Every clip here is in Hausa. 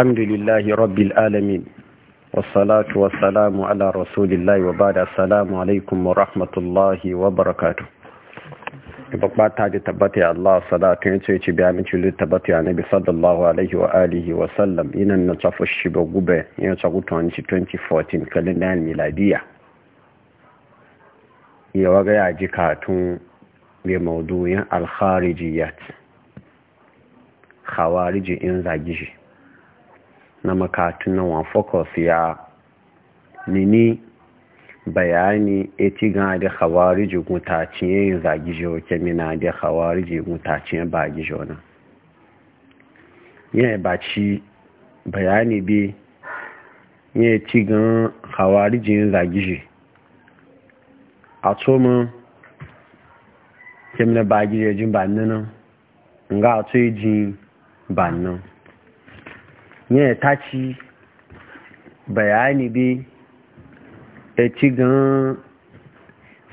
الحمد لله رب العالمين والصلاة والسلام على رسول الله وبعد السلام عليكم ورحمة الله وبركاته babba ta ji tabbata Allah salatu ya ce ci bayanin cilu tabbata ya nabi sallallahu alaihi wa alihi wa sallam ina na tafi shi ba gube ya ce 2014 kalendar miladiya ya waga ya ji katun mai mauduyin alkharijiyat khawariji in zagi shi na makatun nan wan focus ya nini bayani eti ga da khawariji mutacin yin zagi jo kemina da khawariji mutacin ba gijo na ye ba ci bayani bi ye ci gan khawariji yin zagi jo a tsoma kemina ba gijo jin ba nan nga a tsoyi e jin ba nan ta ci bayani bi ya e ci gan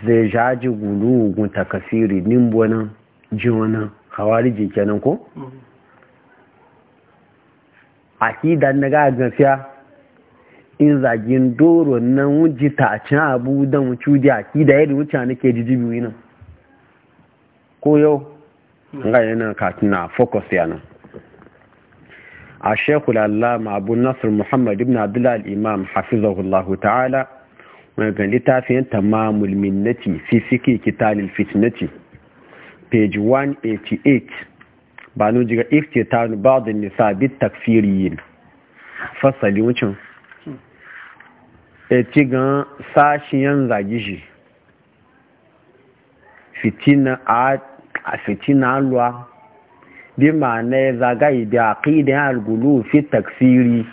zai jaji gulu ogun takasiri ji wana hawari kenan ko? akida na ga gafiya in zagin doro nan wuji ta can abu don wucu da akida yadda wuce na ke jiji biyu nan ko yau hmm. ga yana katina focus nan. a shekul allama abu nasir muhammad ibn abdullahi al'imam hafizahullahu ta'ala wani ga littafin tamamul minnati fi fiki kitalil fitnati page 188 ba nu jiga ba da nisa bit takfiriyin fasali wucin e ci gan sashiyan zagi fitina a fitina bi ma'ana ya zagaye da aqidan al-gulu fi taksiri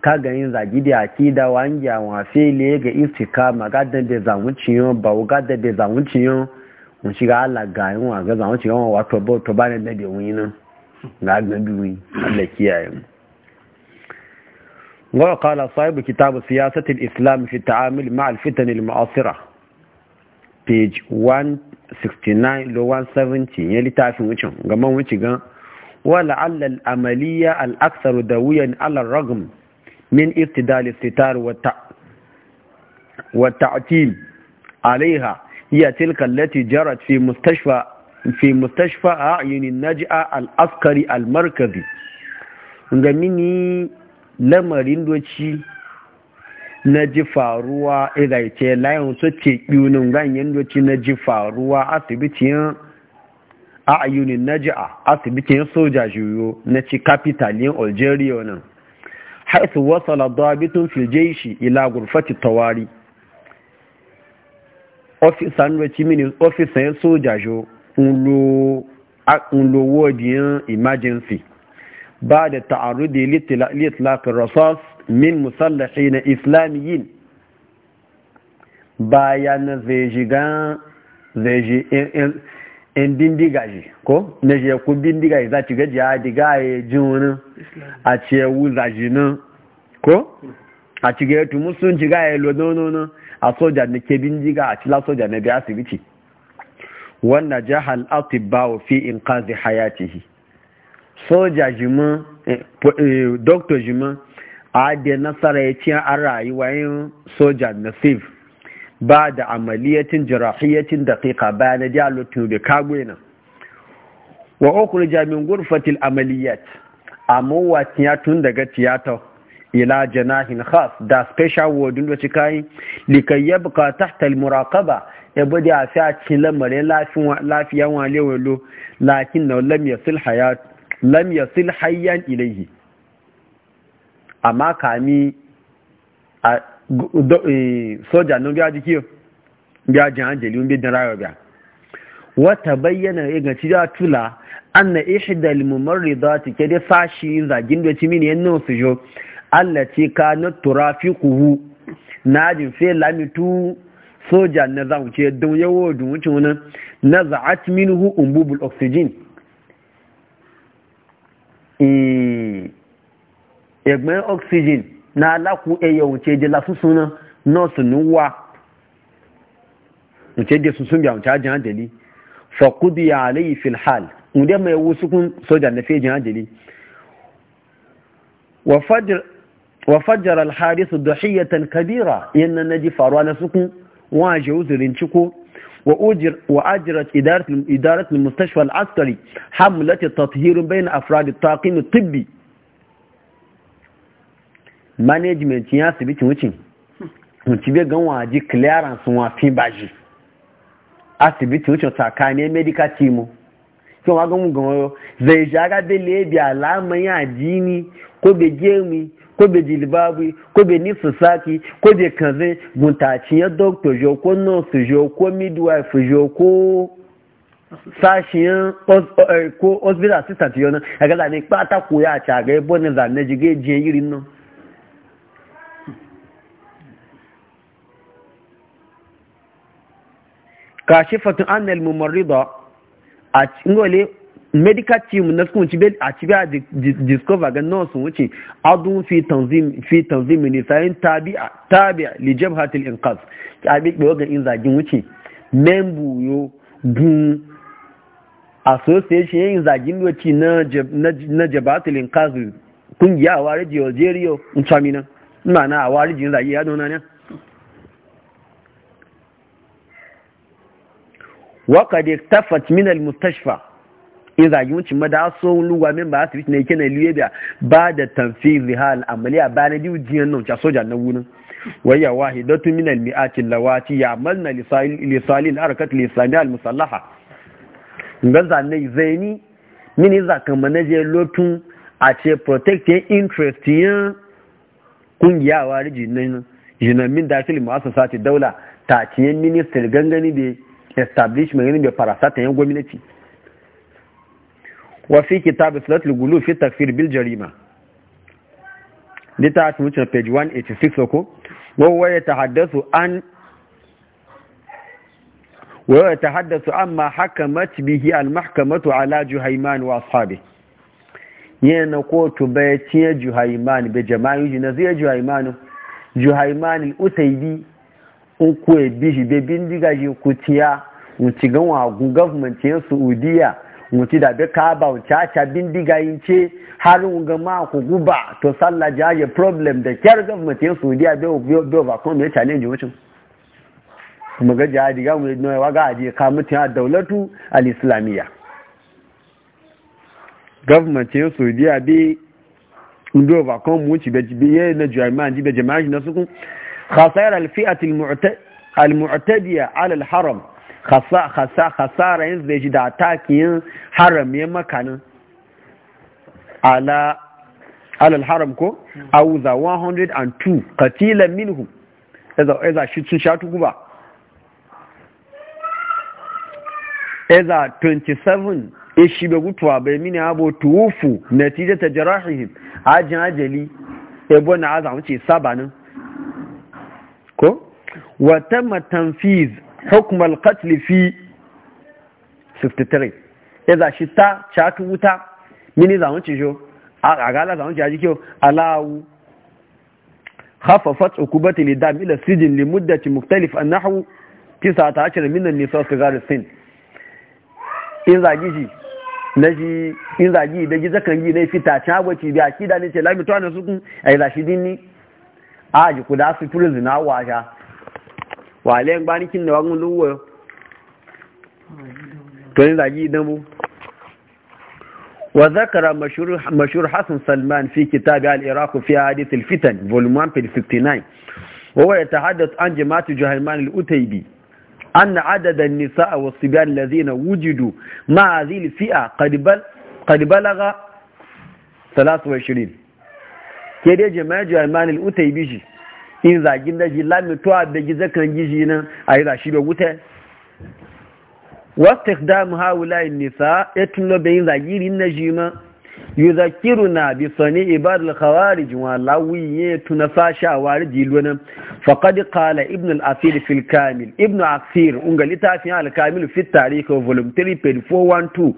ka ga yin zagi da akida wangiya wa le ga istika istikama gadan da yon ba gadan da zamuciyon mun shiga Allah ga yin wa ga yon wa to bo to ba ne da bi yin na ga ga bi wani Allah kiyaye mu siyasat al-islam fi الإسلام ma al-fitan al-mu'asira page 169 lo 170 يلي تعرفين gaman غمان gan wala allal amaliya al da wuyan alal ragum min ifti dali sitar wa ta'atil alaiha iya tilka lati jarat fi mustashfa a yunin naji'a al askari al markazi gamini lamarin doci na ji faruwa idai ce layon su ce yunin ganyen doci na ji faruwa asibitin a ayunin a asibitin soja juyo na ci kapitalin algeria nan haisu wasala dabitun filjeishi ila gurfati tawari ofisan reci mini ofisan soja jo n lo wodiyan emergency ba da ta'arudi litlakin rasas min musallaci na islamiyin bayan zai shiga zai in bindiga shi ko na shi ku bindiga shi za ci gaji a diga ya ji wani a ce wuza shi nan ko a ci gaya tu musun ci gaya lo nono a soja na ke bindiga a cila soja na bi asibiti wanda jahal atibba wa fi in kazi hayatihi soja jima eh, eh, doktor jima a da nasara ya ci an rayuwa yin soja na save ba da amaliyatin jirahiyatin daƙiƙa bayan da lotun da kagwe nan wa okuri jami'in gurfatil amaliyat a wa tiyatun daga tiyata ila janahin khas da special wardin da ci kayan likai ya buka muraƙaba ya e bude a fi a cikin lamarin lafiyan walewalo lakin na lam yasil ilaihi amma kami E, soja nan biya jiki biya jin hanjali wani bidin rayuwa biya wata bayyana inganci da tula an na ishi da limomar za ta ke da sashi zagin da cimini yan nan su jo allah ce ka na tura fi kuhu na jin fe lamitu soja na za wuce don yawo da wucin wani na za a za'at minuhu umbubul oxygen ẹgbẹ́ e, oxygen na alaku eya wuce je la susun na nurse nu wa wuce je susun biya wuce ajin adali fa ya alayhi fil hal unde mai wusu kun soja na fejin adali wa fajr wa fajr al harith dhiyatan kabira yanna naji faruwa na sukun wa je uzurin ciko وأجر وأجرت إدارة إدارة المستشفى Hamlet, حملة تطهير بين أفراد الطاقم الطبي management yin asibiti wucin wuci bai gan waji clearance wa fi baji asibiti wucin tsakanin medical team tí wọ́n gọ́mù gan ọ̀rọ̀ zẹ̀yìnṣára bẹ̀lẹ̀ ẹ̀bì àlámọ́yìn àjíní kó bẹ jẹ́mi kó bẹ jìlìbáwí kó bẹ ní sòsáàkì kó bẹ kànzẹ́ gùntàṣìyàn dókítà yọ kó nọ́ọ̀sì yọ kó midwife yọ kó kó hospital assistant yọ náà pátákó yà àti gé jẹ́ yìí rí náà. kashifatun annal mumarrida a ngole medical team na sun a cibe a discover ga nurse wuce adun fi tanzim fi tanzim ne sayin tabi'a tabi'a li jabhatil inqaz ta bi ga in zagin wuce membu yo gun association yin zagin wuce na na jabhatil inqaz kungiya a wari Algeria in tsamina na a wari jin ya dona ne waka da tafat min al-mustashfa in madaso luwa min ba asibiti ne kenan libya ba da tamfi hal amaliya ba na diwu jiyan nan soja na wurin waya wahidatu min al-mi'ati lawati ya'malna li salil harakat al-islamiyya al-musallaha ngan zanne zaini mini zaka manaje lotun a ce protect your interest yin kungiyawa rijin nan jinamin Masu Sati daula ta ciye minister gangani da establishment ne bai farasata yan gwamnati wa fi kitab salatul gulu fi takfir bil jarima littafin wucin page 186 ko wawa ya tahaddasu an wawa ya tahaddasu amma hakamat bihi al-mahkamatu ala juhaiman wa ashabi na kotu bai ciye juhaiman bai jama'i na zai juhaiman juhaiman al-utaibi uku ya bishi bai bindiga shi kuciya wuci gan wagu gwamnati yan saudiya wuci da bai kaba wuci aca bindiga yin ce har ga ma ku guba to sallah jaje problem da kyar gwamnati yan saudiya bai ba kuma mai challenge wucin kuma ga jihadi ga mu ne wa ga aje ka a daulatu al-islamiyya gwamnati yan saudiya bai ndo ba kuma mu ci bai na jami'an ji bai jami'an na sukun khasayar alfi'at al-mu'tadiya ala al-haram khasara yin zai ji da atakiyin haram ya makanin ala al-haram ko auza 102 katilan minhu eza shi sun sha tuku ba eza 27 ishi bai gutuwa bai mini abu tuwufu natijata jarahihim ajin ajali ebo na sabanin ko wa matanfiz hukumar katli al fi 63 za shi ta chatu wuta mini za mu ci jo a gala za mu ci aji kyo alawu khaffafat ukubati lidam ila sijin li muddati mukhtalif annahu 19 min an-nisa sigar sin in zagi shi na shi in zagi da gizakan yi na fita ta wace shi da ne ce lami to ana sukun ai zashi dinni Aji ku da su turu zina wata wa alayin gbanikin da wani lullu tuni zagi damu wa zakara mashur hassan salman fi kitab al-iraq fi hadith al-fitan volume 59 wa waya ta haddata an jimatu jihalman al-utaibi an na adadan nisa a wasu biyar lazina wujudu ma'azili fi'a kadibalaga 23 ke dai jama'a jami'an al'utai bishi in zagin da ji lamitowa da gizo kan gishi nan a yi zashi da wuta wasu ta damu nisa ya tuno da yin zagirin na ma? yuzakiruna bi sani ibad al jiwa wa lawiye tuna a wariji lona faqad ƙala ibn al asir fil kamil ibn asir unga litafin al kamil fi tarikh volume 3 page 412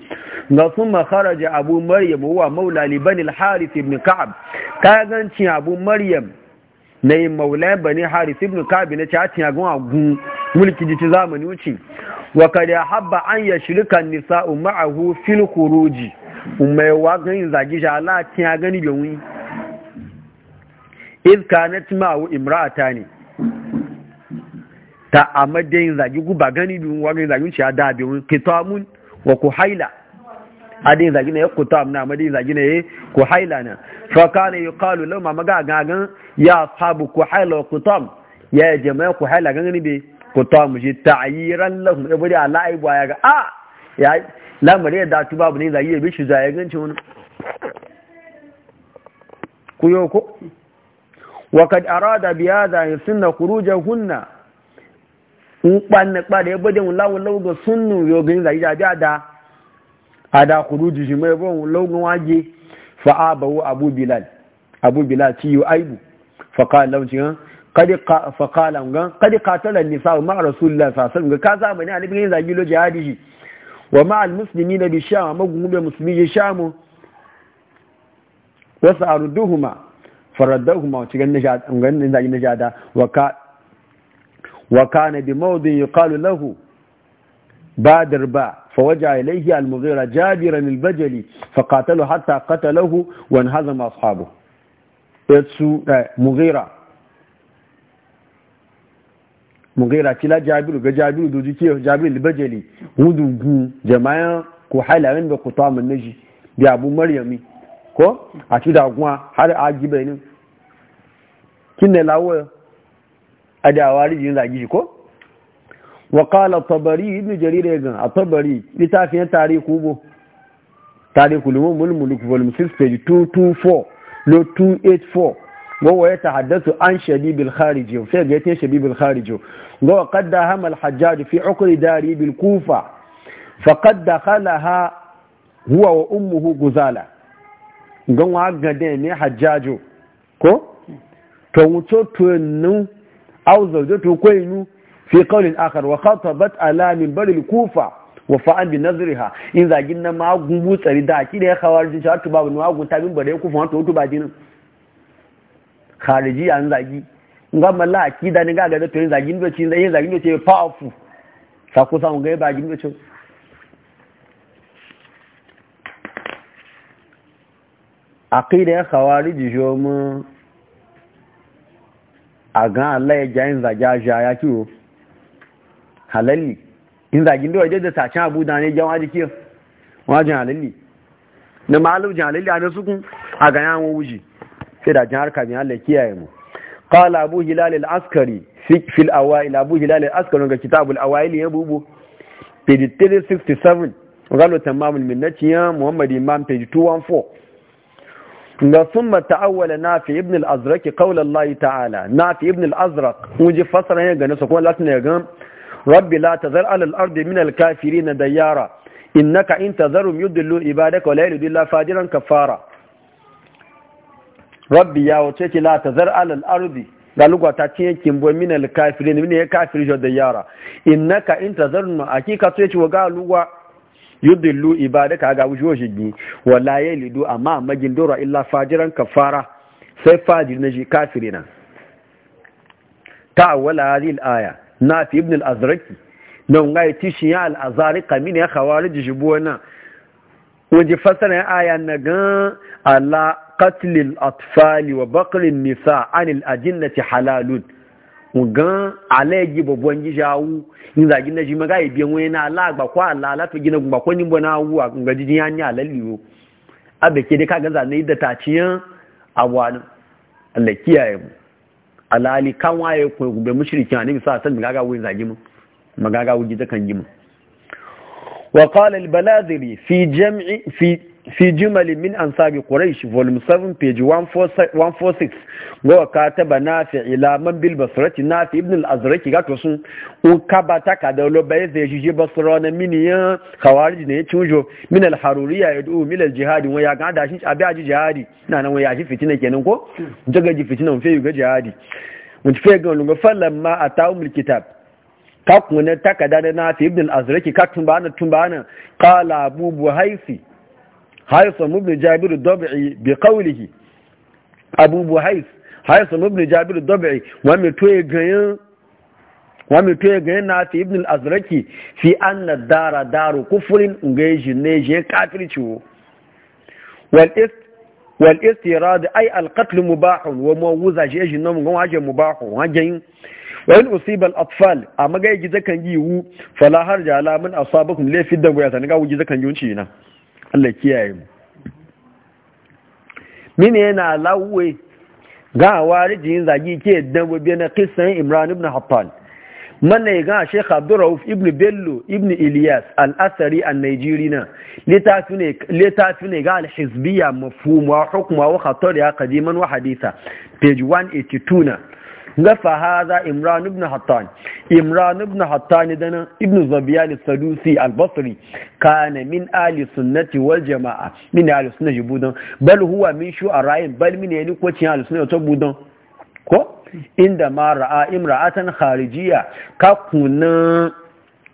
ga kuma kharaja abu maryam wa maula li bani al harith ibn ka'ab kaganci abu maryam na yin maulai bane haris ibn ka'ab na cacin yagun agun mulki jiti zamani wuce wa kada habba an nisa'u ma'ahu fil mai wagon ganin zagi sha Allah ya gani bin wuni iz kanat a imra'ata ne ta a madayin zagi guba gani bin wa ganin zagi shi da bin wuni kitamun wa kuhaila ade yin zagi ne kutam na amade yin zagi ku kuhaila na fa ya kalu lahum maga gagan ya e ku kuhaila wa kutam ya yi jama'a kuhaila gani be kutam shi ta'yiran lahum ibadi e ala e a ya ga a lamari ya datu babu ne zai yi bi shi zai ganci wani kuyo ko wakad arada biya da ya sunna kurujan hunna in kwanne kwanne ya bude mu lawon lauga sunnu yogin zai ya da ada ada kuruji shi mai bon laugun waje fa abu bilal abu bilal ci yi aibu fa kala lauci ha kadi fa kala ngan kadi katala nisa ma rasulullah sallallahu alaihi wasallam ka zamani ne bin zagi lo jihadi wa ma'al musulmi na bisham a magungume musulmi ya shamu wasu a faradar faraddahuma wacce ganin na jada wa bi maudin ya kalu lahu badar ba fawaja ilaihi al jabiran al-bajali fa katalo hatta katalahu wani hazama ya su mugaira tila jabiru ga jabiru da ke jabiru libajali wudu gu jama'a ko halayen da ku tamun naji bi abu maryami ko a ci da guwa har a ji benin kin ne lawo a wari yin zagi ko wa qala tabari ibn jarir yagan tabari litafiyan tarihu bo tarihu lumul mulk wal musil page 224 lo 284 وهو يتحدث عن شبيب الخارجي في جهه شبيب الخارجي وقد داهم الحجاج في عقر داري بالكوفه فقد دخلها هو وامه غزاله gan wa gade ne hajjajo ko to wuto tunu aw zawjo to koinu fi qawlin akhar wa khatabat ala min bari al-kufa bi nazriha in zagin na magun mutsari da ki da ya khawarjin ta to babu magun ta bin bare kufa to to ba dinin khariji an zagi nga malla akida ne ga ga to yin zagi ne ce yin zagi ne ce powerful sa ku san ga ba gi ce akida ya khawariji jo mu aga Allah ya jayin zagi ja ya kiwo halali in zagi ne waje da sacin abu da ne jama'a dikiyo wajin halali na malu jalili a da sukun a ga yawon wuji sai da jin harka bin Allah kiyaye mu qala abu hilal al askari fi al awail abu hilal al askari ga kitabul awail ya bubu page 367 galo tamamul minnati ya muhammad imam page 214 da summa ta'awwala nafi ibn al azraq qawla allah ta'ala nafi ibn al azraq muji fasara ya ganin su kuma latin ya ga rabbi la tazar ala al ard min al kafirin dayara innaka in tazarum yudillu ibadaka wa la yudillu fajiran kafara rabbi ya wace ki la tazar alal ardi galugwa ta ci yankin bo min al kafirin min ya kafir da yara innaka in tazarnu akika to yace wa lugwa yudillu ibadaka ga wujo shigi wala yalidu amma magin dora illa fajiran kafara sai fajir na ji kafirina ta'awwala hadhihi al aya na fi ibn al azraqi nan ngai tishi ya al azari kamin ya khawarij jibuwana waje fasara aya na ga Allah katlil atfali wa bakrin nisa anil ajinnati halalun gan alaji babban gijawu in zagi na jima gai biyan wani na alagba ko ala alafi gina gumba ko nimbo na wu a kunga jijin ya ni alalliyo abe ke dai ka ganza ne da taciyan abuwanin Allah kiyaye mu alali kan waye ku gube mushrikin annabi sa san gaga wuyin zagi mu magaga wuji da kan gimu wa qala balaziri fi jam'i fi jimali min sabi quraish volume 7 page 146 wa kataba nafi ila man bil basrati nafi ibn al azraki gato sun un kabata ka da lo bai zai jije basra na min ya khawarij ne tujo min al haruriya yad'u min al jihad wa ya gada shi abi aji jihadi na nan wa ya shi fitina kenan ko daga ji fitina mun fe ga jihadi mun fe ga lunga falamma atawul kitab ka kuna takada na nafi ibn al azraki na tumbana na qala abu buhaisi haisam ibn jabir dabi'i bi qawlihi abu buhais haisam ibn jabir dabi'i wa mi toye ganyen wa mi toye ganyen na fi ibn al-azraki fi anna dara daru kufrin ngai ne je kafirci wal ist wal istirad ay al-qatl mubah wa mawuza je je nan ngon waje mubah wajen wayan usibal atfal amma ga yi zakan yi wu fala harja ala min asabakum lafi da goyata ni ga wuji zakan yi wuci na Allah kiyaye mu mini yana lawwe ga warijin zagi ke dabbe na qissan Imran ibn Hattan manne ga Sheikh Abdurrauf ibn Bello ibn Ilyas al-Asari al-Najiri litafine litafine ga al-Hizbiyya mafhum wa hukm wa khatari qadiman wa haditha page 182 na ga fahaza imran ibn hattan imran ibn hattan dana ibn zabiyan sadusi al-basri kana min ali sunnati wal jamaa min ali sunnati budan bal huwa min shu'ara'in bal min yani ko cin ali sunnati budan ko inda ma ra'a imra'atan kharijiya ka kuna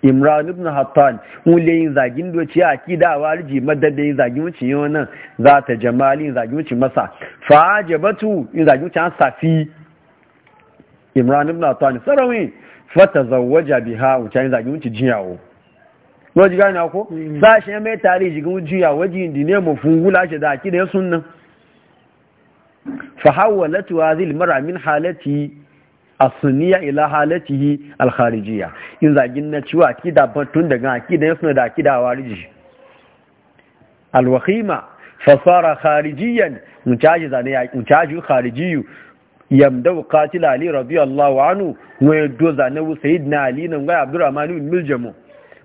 imran ibn hattan le, yin zagin doci a kida warji madadda yin zagin wuce yau nan za ta jamali yin zagin wuce masa fa jabatu yin zagin wuce an safi imran ibn atwa ni sarawi fata zawaja bi ha wuce ni zagi wuce jiyawo lo ji gani ako sa mm-hmm. shi ya mai tare ji gani jiyawo ji indi ne mu fungula shi da aki da ya sunna fa hawala tu wa zil mara min halati asuniya ila halatihi kharijiya in zagi na ci wa aki da ban tun daga aki da ya sunna da aki da al alwakhima fa sara kharijiyan mu mutaji zane ya mutaji kharijiyu yamdau qatil ali radiyallahu anhu wa doza na sayyidina ali nan ga abdurrahman ibn miljamu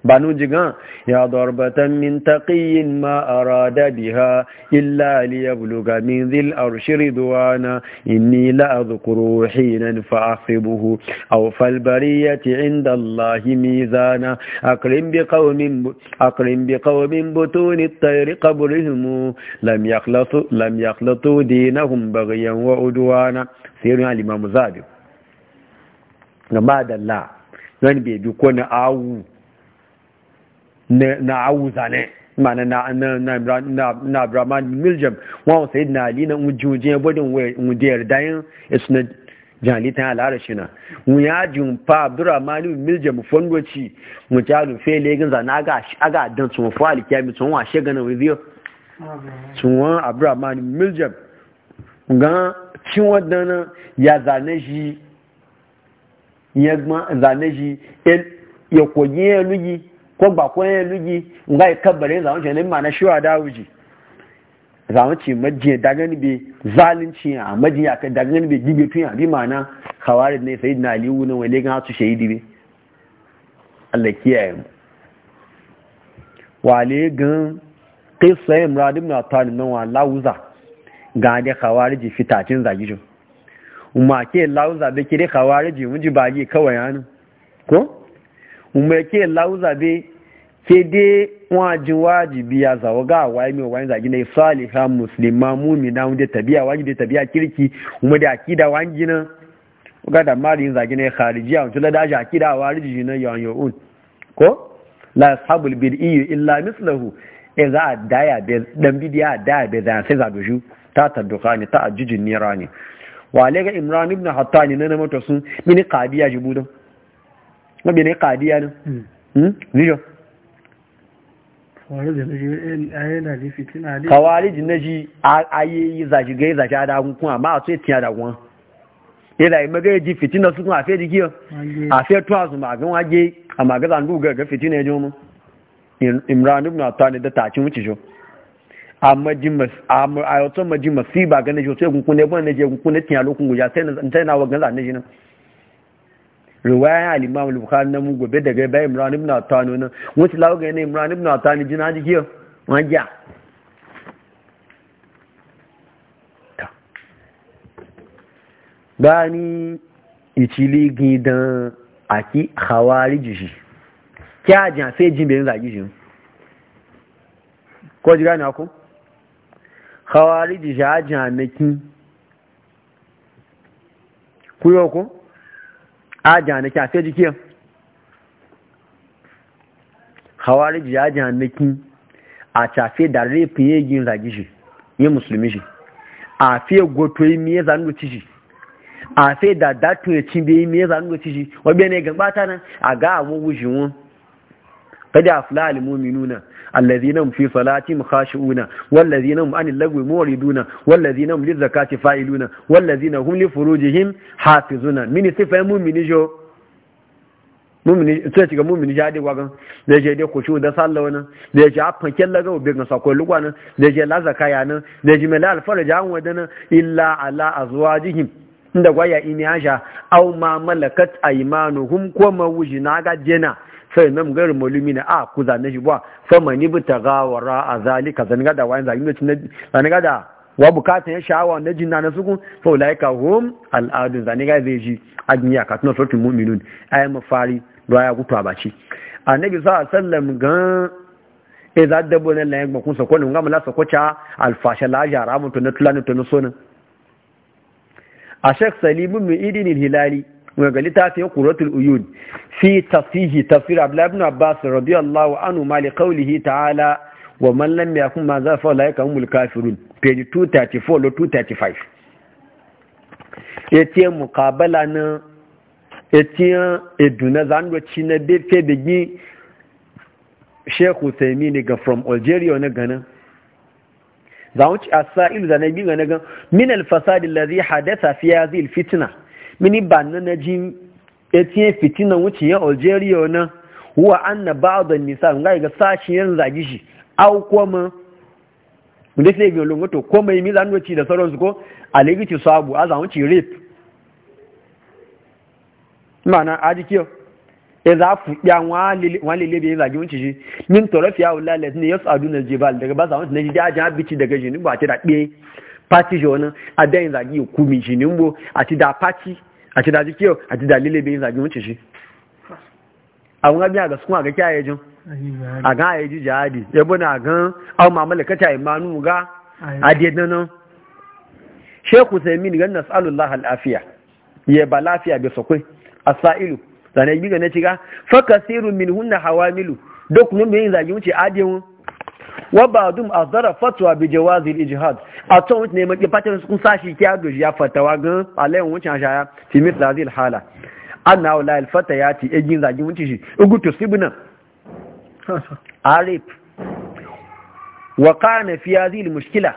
banu jigan ya darbatan min taqiyin ma arada biha illa liyabluga min dhil arshi ridwana inni la adhkuru hinan fa'asibuhu aw fal bariyati inda allahi mizana akrim bi qaumin akrim bi qaumin butun at-tayr qabrihim lam yakhlasu lam yakhlatu dinahum baghyan wa udwana sai rin alimamu zabi na madalla nan bai bi ko na awu na awu zane mana na na na na brahman miljam wọn sai na ali na ujuje bodin mu da yardayin na jalitan alara na mu ya jumpa abdurrahman miljam fondoci mu jalu fele gan zana ga aga dan sun fa alkiyami sun wa shegana wiyo sun wa abdurrahman miljam ga cin waɗannan ya zane shi ya zane shi ya kogi ya lugi ko ba ko ya lugi ga ya kabbare zaman shi ne ma na shiwa da wuji zaman ce majiya dagani be zalunci a majiya ka dagani be dibe tun abi mana kawari ne sai na aliyu na wale ga su shahidi be Allah kiyaye mu wale gan qissa imran ibn atal nan wa lawza ga khawariji fitacin zagijin umma ke lauza be kire khawariji muji baji kawai hanu ko umma ke lauza be ke de wajin wajibi ya zawo ga wai mi wai zagi ne salihan muslima mumina wanda tabiya wani da tabiya kirki umma da akida wani gina ga da mari zagi ne an tula da akida wariji ne yawan yawan ko la ashabul bid'i illa mislahu e za a daya be dan bidiya da be sai za dushu ta taddukani ta ajijin nera ne wa ga imran ibn ne na namata sun mini kadiya ji budan mabi ne kadiya ne nijo kawarijin na ji ayeyi zaji yi zaji adagun kun amma a so tiya adagun yana yi maga ji fitina su kun afe jikiyo afe tuwa su magan waje a magazan duga ga fitina ya jomu imran ibn ne da tacin wuce shi a yato maji masiba ga na jote gunkun ne bane je gunkun ne tiya lokun guja sai na tana wa ganza ne jinan riwaya al-imam al-bukhari na mu gobe daga bai imran ibn atani nan wasu lawo ga ne imran ibn atani jina ji kiyo wanja gani ichili gidan aki khawari jishi kya jan sai jin bin zagi shi ko jira na khawariji ja janaki kuyo ko a janaki a sai jikiya khawariji ja janaki a tafe da rafin yegin zagi shi yi musulmi shi a fiye goto yi miye zanu ci shi a fiye da datun ya cin biye miye قد أفلح المؤمنون الذين هم في صلاتهم خاشعون والذين هم عن اللغو موردون والذين هم للزكاة فاعلون والذين هم لفروجهم حافظون من صفة مؤمن جو mumini sai shiga mumini jadi wagan da je dai kushu da sallah wannan da je afan kella ga ubin sa ko lugwa nan da je la zakaya nan da je mala alfarja an wadana illa ala azwajihim inda gwaya ini aja aw ma malakat aymanuhum ko mawujina ga jena Sai nan gar mulumi na a ah, ku zane shi ba sama ni bi ta gawara a zalika zane gada wani yanzu ne cin zan gada wa bukatun ya sha'awa na jinna na sukun sau laika hom al'adun zane gada zai ji duniya ka tuna sautin mu'minun ayi mafari ya gutu a nabi sa eh, a sallam gan e za da bonan la yagba kun sako ne ngam la sako cha alfasha la jara mun to tulani to na a shek salim bin idinin hilali wa ga litafi kuratul uyun fi tasihi tafsir abdullahi ibn abbas radiyallahu anhu ma li qawlihi ta'ala wa man lam yakun ma za fa laika humul kafirun page 234 lo 235 yace muqabala na yace eduna zando na be fe begi sheikh from algeria na gana zawuci asailu da nabi ga na gan min al fasad alladhi hadatha fi hadhihi al fitna mini banna najin ya tiye fitinan wuciyar algeria na wa an na ba da nisa ga ga sashen yan zagi shi au kuma wanda sai ga lungoto ko mai mi zan wuci da sauransu ko alegiti sabu a zan wuci rape mana aji kiyo ya e za fu ya wani lebe ya zagi wuce shi min torafiya wula lati ne yasu aduna jebal daga ba zan wuci na ji dajin abici daga jini ba ta da ɗe pati jona, a dayin zagi hukumi jinin bo a ti da pati àti dájú kí o àti dà lílé bí ìzàjú ń ti ṣe àwọn agbẹ́ àgàsùn àgẹ́kẹ́ àyẹjún àgán àyẹjú jàádì yẹbọ́n na àgán àwọn mamalẹ̀kẹ́ta ìmánú ga adẹ́dáná ṣékù sẹ́mí nìkan na sálùláhà láfíà yẹba láfíà bẹ sọ na hawa milu dókùnrin bí ìzàjú wuce ti wa ba'dum azdara fatwa bi jawazi al-ijhad a to wuce ne maki fatan sun sashi kiya, ado ya fatawa gan alayin wucin shaya fi mithl hadhihi An hala anna wala al-fatayati ejin zagi wuce shi ugu e tusibna arif wa kana fi hadhihi al-mushkila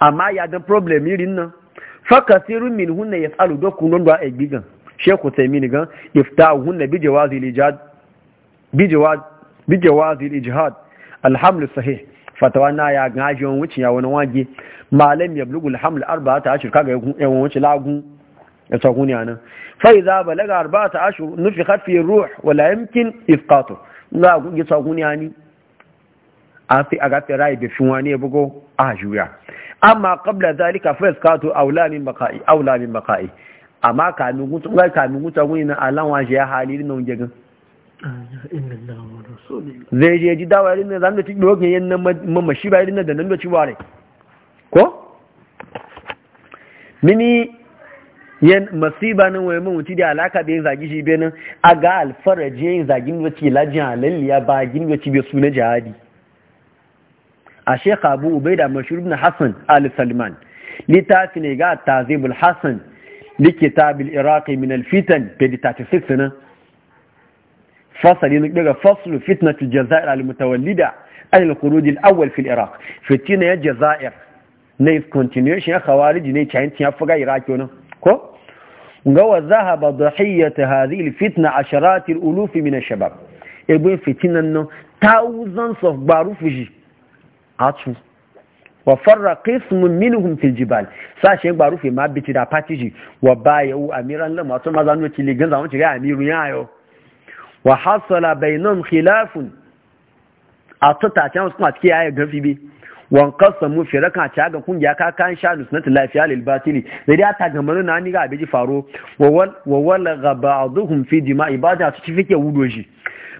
amma ya da problem irin nan fa kasirun min hunna yas'alu dokun don da egigan sheku taimini gan ifta hunna bi jawazi al-ijhad bi jawaz bi jawazi al-ijhad alhamdul sahih fatawa na ya gaji wani wuce ya wani wage malam ya blugu alhamdu arba ta ashir kaga wani wuce lagun ya tsohon ya nan fai za balaga arba ta ashir nufi hafi ruh wala yamkin ifkato za ku yi ya ni a fi a gafi rai da fi wani ya bugo a juya amma kabla zalika fai iskatu aula min baqa'i min baqa'i amma kamin gutu kamin gutu na alawan shi ya halin nan gan. zai je ji dawa yadda na zan da ci dogon yan nan mamashi ba yadda na da nan da ci ba ne ko mini yan masiba nan wani mamuti da alaka da yin zagi shi benin a ga je yin da wace lajin halalliya ba gini wace bai suna jihadi a shekha abu da mashur na hassan al-salman littafi ne ga tazibul hassan likita bil iraqi min alfitan 36 nan Fasalin na daga faslu fitnatu jazair al-mutawallida an al-khuruj al-awwal fi al-iraq fitina jazair na continuation ya khawariji ne chain tin afuga iraq yono ko ga wa zahaba dhahiyat fitna asharat al-uluf min ash-shabab ebe fitina no thousands of barufuji atu wa farra qismun minhum fil jibal sashe ma biti da patiji wa bayu amiran lamma to mazanu ci ligan zamu ci ga amirun yayo wa hasala bainum khilafun a ta wasu kuma cikin yaya gafi bi wan kasamu firaka ta ga kungiya ka kan shanu sunnati lafiya lil batili da dai ta gamar na ni ga abiji faro wa wal ba'dhum fi dima'i ibada su fike wudo shi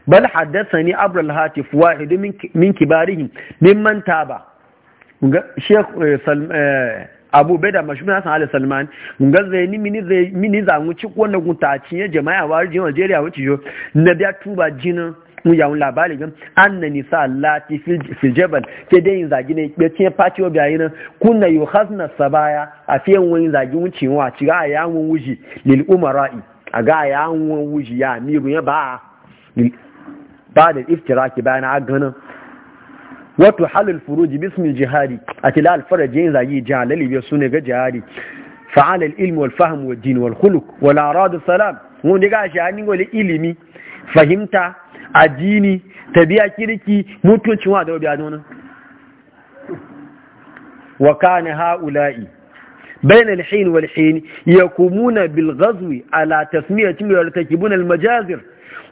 bal haddathani abd al hatif wahid min min kibarihim mimman taba sheikh eh, eh, abu bai da mashimin hassan ali salman nga zai ni mini zangu ci wanda guta cinye jama'a wa arjiyar algeria wuce yo na biya tuba jinin mu yawon labari gan an na nisa lati filjabal ke dai yin zagi ne ya pati obi a yi nan kunna yi hasna sabaya a fiye wani zagi wucewa ci ga a wun wuji lil'umara'i a ga ya wun wuji ya miru ya ba ba da iftiraki bayan a ganin wato halal furuji bismi jihadi a tila alfaraji yin zagi jihalali biyar su ne ga jihadi fa'ala ilmi wal fahim wa jini wal huluk wal aradu salam wani ga shi hannun wani ilimi fahimta addini tabiya kirki mutuncin wa da wabiya nuna wa kana ha'ula'i بين الحين والحين يقومون بالغزو على تسمية ويرتكبون المجازر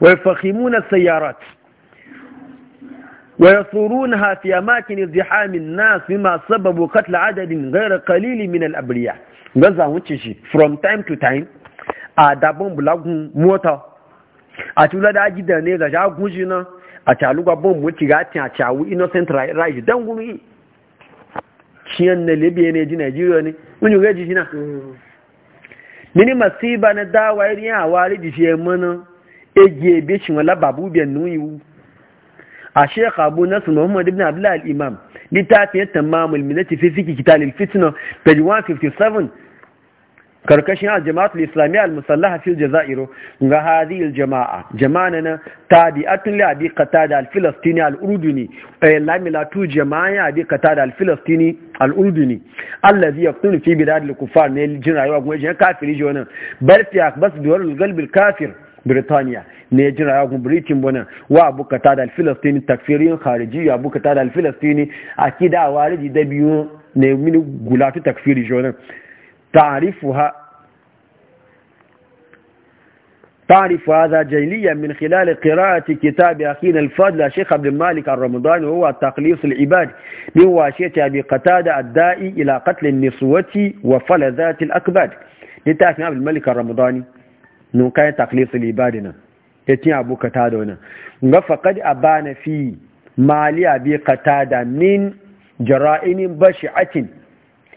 ويفخمون السيارات ويثورونها في أماكن ازدحام الناس مما سبب قتل عدد غير قليل من الأبرياء gaza wuce shi from time to time a dabon bulagun mota a tula da aji da ne ga shagun shi nan a a innocent right don gumi ciyan na libya ne ji nigeria ne mini masiba na dawa irin a wari shi mana ege ebe shi wala babu biyan nuyi a sheikh abu nasir muhammad ibn abdullah al-imam littafin tamamul minati fi fiki kitalil fitna page 157 karkashin al-jama'atul islamiyya al-musallaha fil jazairo ga hadhihi al-jama'a jama'a na tabi'atun li abi qatada al-filastini al-urduni ay eh, la tu jama'a abi qatada al-filastini al-urduni allazi yaqtulu fi bidad al-kuffar ne jin rayuwa gwaje kafiri jona bal fi akbas dawal al-qalb al-kafir Birtaniya ne ya jira yagun Britain bonan wa abu kata da Filistini takfirin khariji abu kata da Filistini akida wariji da biyu ne mini gulatu takfiri jonan ta'rifuha تعرف هذا جيليا من خلال قراءة كتاب أخينا الفضل الشيخ عبد المالك الرمضاني وهو تقليص العباد من واشية أبي قتادة الدائي إلى قتل النسوة وفلذات الأكباد لتعرف عبد الملك الرمضاني nun kai taklisu libadi nan ya tiya abu kata da wani ga faƙad a ba na fi mali abi kata da min jara'inin bashi akin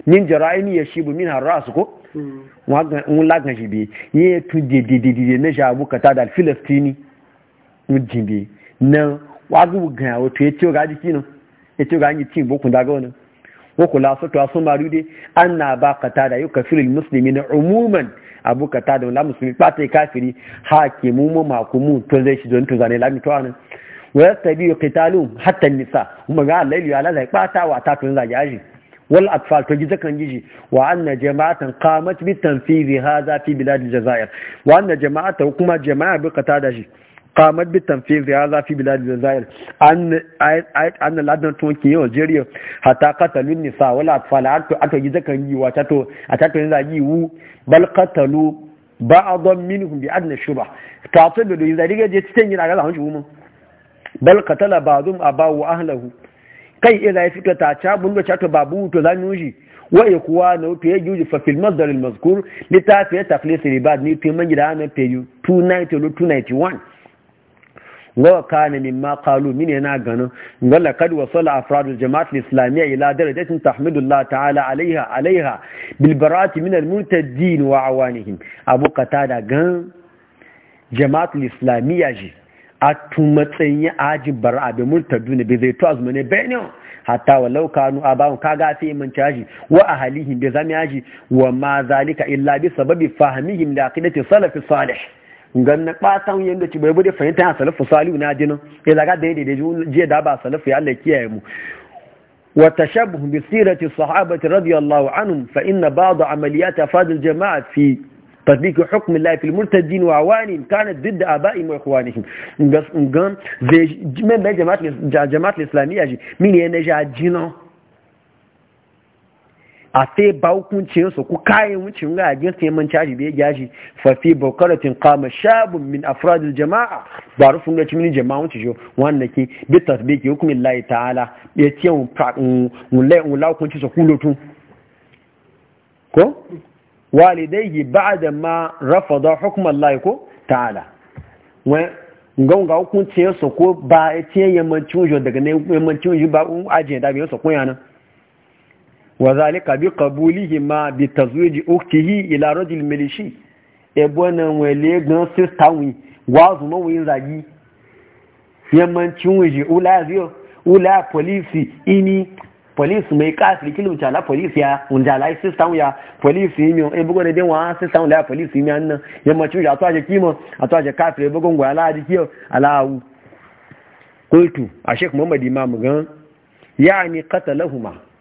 min jara'ini ya shi bu min har rasu ko wọ́n lágàn ṣe bí yíyẹ tún dìdìdìdì ní ṣàbù da filistini ń jìnbí na wágùn gan àwọn tó etí ọgá jí kínú etí ọgá wani, tí ìbókun dágọ́ náà wọ́n kò lásọ́tọ̀ asọ́marúdé ba bá kàtàdà yóò kàfíìlì mùsùlùmí na umuman abu kata da la musulmi yi e kafiri hakimu mu makumu to zai shi don to zane lami to anan wa yastabi qitalu hatta nisa kuma ga Allah ya lalace ɓata wa ta to zai yaji wal atfal to gida kan giji wa anna jama'atan qamat bi tanfizi hadha fi bilad al wa anna jama'atan kuma jama'a bi qata da shi qamat bi tanfiz hadha fi bilad al-jazair an an ladan tun ki Algeria hatta qatalun nisa wal atfal ato ato yi zakan yi wa tato atato yin zagi wu bal qatalu ba'dhan minhum bi adna shubah ta to do yin zagi je cikin yin aga hanju mu bal qatala ba'dhum abahu ahlahu kai idza fika ta cha bun da cha to babu to zanuji wa ikwanu to ya juji fa fil masdar al-mazkur litafiya taqlis al-ibad ni to man gida na page 291 wa kana mimma qalu min yana ganin wala kad wasala afradul jama'at al-islamiyya ila darajatin tahmidullah ta'ala alaiha alaiha bil bara'ati min al-murtaddin wa awanihim abu qatada gan jama'at al-islamiyya ji atun matsayin aji bar'a da murtadun bi zai to azmane bayne hatta walau kanu abawun kaga fi mun caji wa ahlihim bi zamiyaji wa ma zalika illa bi sababi fahmihim li aqidati salaf salih ganna ɓatan yadda ci bai bude fahimta a salafu salihu na jinin ya zaga da yadda jiya da ba salafu ya Allah kiyaye mu wa tashabbuh bi sirati sahabati radiyallahu anhum fa inna ba'd amaliyat afad al jama'a fi تطبيق حكم الله في المرتدين وعوانهم كانت ضد آبائهم وإخوانهم نغان من جماعة الإسلامية من ينجا جنو a sai ba su ku kayan wucin ga ajin sai man caji bai gashi fa fi bukaratin qama shabun min afradin jama'a ba rufin da cimini jama'a wucin shi wanda ke bai ke hukumin layi ta'ala ya ce mu lai su kulotu ko walidayhi ba'da ma rafada hukm layi ko ta'ala wa ngonga hukuncin su ko ba ya ce yamancin jo daga ne yamancin jo ba ajiyar da bai su ko yana Wazali zalika bi qabulihi ma bi tazwij uktihi ila rajul milishi e bona wele gan sister wi wa zuma wi zagi yamman cinwiji ula zio ula polisi ini polisi mai kafiri kilim chala polisi ya unjala ai sister ya polisi mi e bugo de wa sister polisi a sheikh muhammad imam gan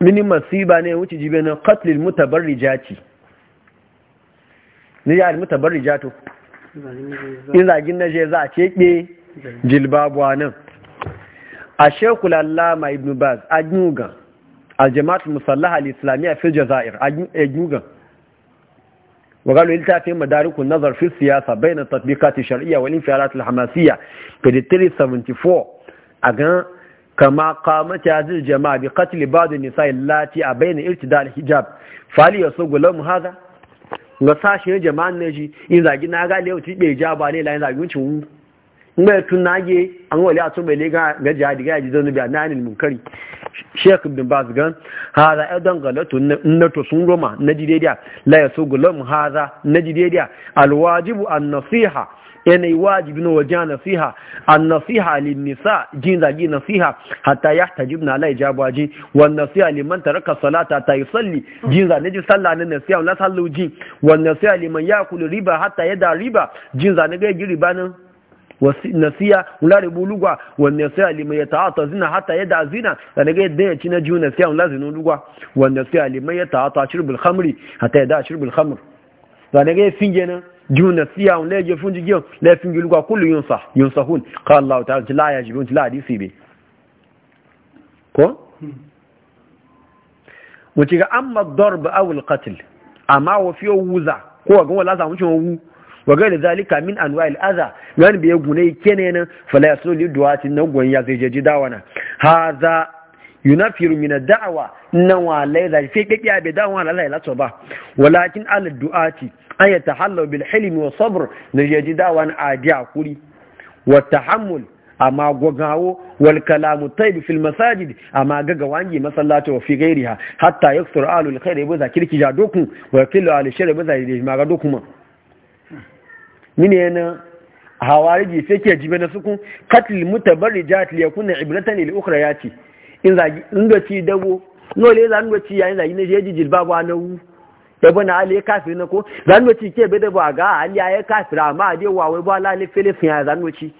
mini masiba ne wuce jibe na katlil mutabarrijati ne ya mutabarrijato in zagin na je za a keɓe jilbabuwa nan a shekul allama ibn baz a gyugan aljamaatul musallaha al-islamiyya fi jazair a gyugan وقالوا التافي مدارك النظر في السياسة بين التطبيقات الشرعية والانفعالات الحماسية في 374 أغان كما قامت هذه الجماعة بقتل بعض النساء اللاتي أبين ارتداء الحجاب فهل يسوق لهم هذا؟ ga sashen jama'an na shi in zagi na ga lewa tibe ja ba ne layin zagi wuce wu mai tun nage an wali a tun mai lega ga jihadi ga yaji zanubi a nanin munkari sheikh ibn baz gan haza ya don galatu na to sun roma na jidediya la ya so gulam haza na jidediya alwajibu a nasiha yanayi wajibi na wajen nasiha an nasiha lin nisa jin zagi nasiha hata ya tajib na a jabaji wa nasiha liman taraka salata ta yi salli, jin zane jin sallah na nasiha na sallu ji wa nasiha liman kuli riba ya da riba jin zane ga giri na nasiya wula ribu lugwa wa nasiya liman ya ta'ata zina hata ya da zina da daga yadda ya ci na jiwu nasiya wula zinu lugwa wa nasiya liman ya ta'ata shirbul khamri hata ya da shirbul khamr da daga ya finge nan juna siya un leje funji giyon lefin gilgwa kullu yunsa yunsahun qala allah ta'ala la yajibun la hadisi bi ko wuce ga amma darb aw al qatl amma wa fi wuza ko ga wala za mu wu wa ga da zalika min anwa' al adha gan bi gune kenenan fala yasul li duwati na gon ya zai jeji dawana hadha yunafir min ad-da'wa nan wa la fi kekiya be dawana la la to ba walakin al du'ati an ya tahallau bil hilmi wa sabr na yaji wani adi kuri. wa tahammul amma gwagawo wal kalamu tayyib fil masajid amma gaga wangi masallata wa fi ghairiha hatta yaksur alul khair ibu zakirki ja dokun wa yakilu alul shar ibu zakirki ma ga ma mini yana hawariji sai ke jibe na sukun katil mutabarrijat li yakuna ibratan lil ukhra yati in zagi in ga ci dago nole le zan ga ci yayin zagi ne jeji jilbabu anawu ebe na na ba ga ali ya kafiri ko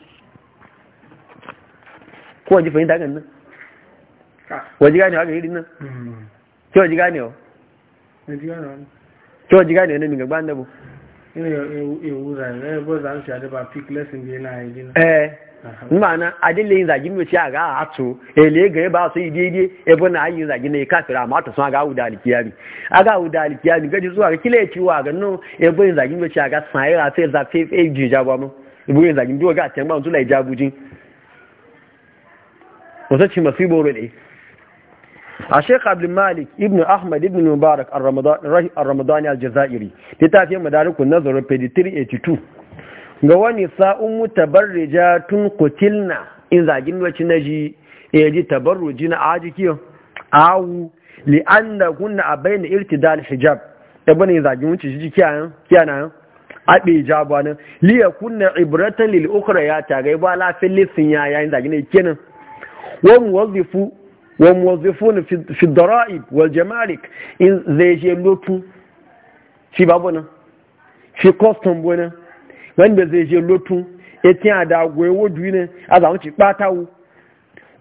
waje fahimta kan nan waje gane haka irin na bu e ina yau ewu zane a eh. ma'ana adin layin zagin mace a ga a ato ele ga ba su yi daidai ebe na ayin zagin na ya kafira amma ta sun ga wuda alikiyami a ga wuda alikiyami gaji zuwa ga kila ya ciwo a ganin ebe yin zagin mace a ga sanayi a sai zafi fi ji jabo mu ibu yin zagin duwa ga a tiyamma tula ya jabujin wasu masu boro ne a sheikh abdul malik ibn ahmad ibn mubarak al-ramadani al-jazairi littafin madarikun nazarin 382 ga wani sa'un mutabarrija tun kutilna in zagin wacce na ji ya ji tabarruji na aji kiyo awu li’an da kunna a bayyana irtidal hijab ya e bane zagin wacce shi kiyana kiyanan abe jabuwa nan li ya kunna ibratan lil ukhra ya ta e ba la lissin ya yayin zagin ne kenan Wani wazifu na muwazzifun wal jamarik in zai je lotu shi babu nan shi custom bu nan wanda zai je lotu etin ada goye wodu ne a zamu ci patawu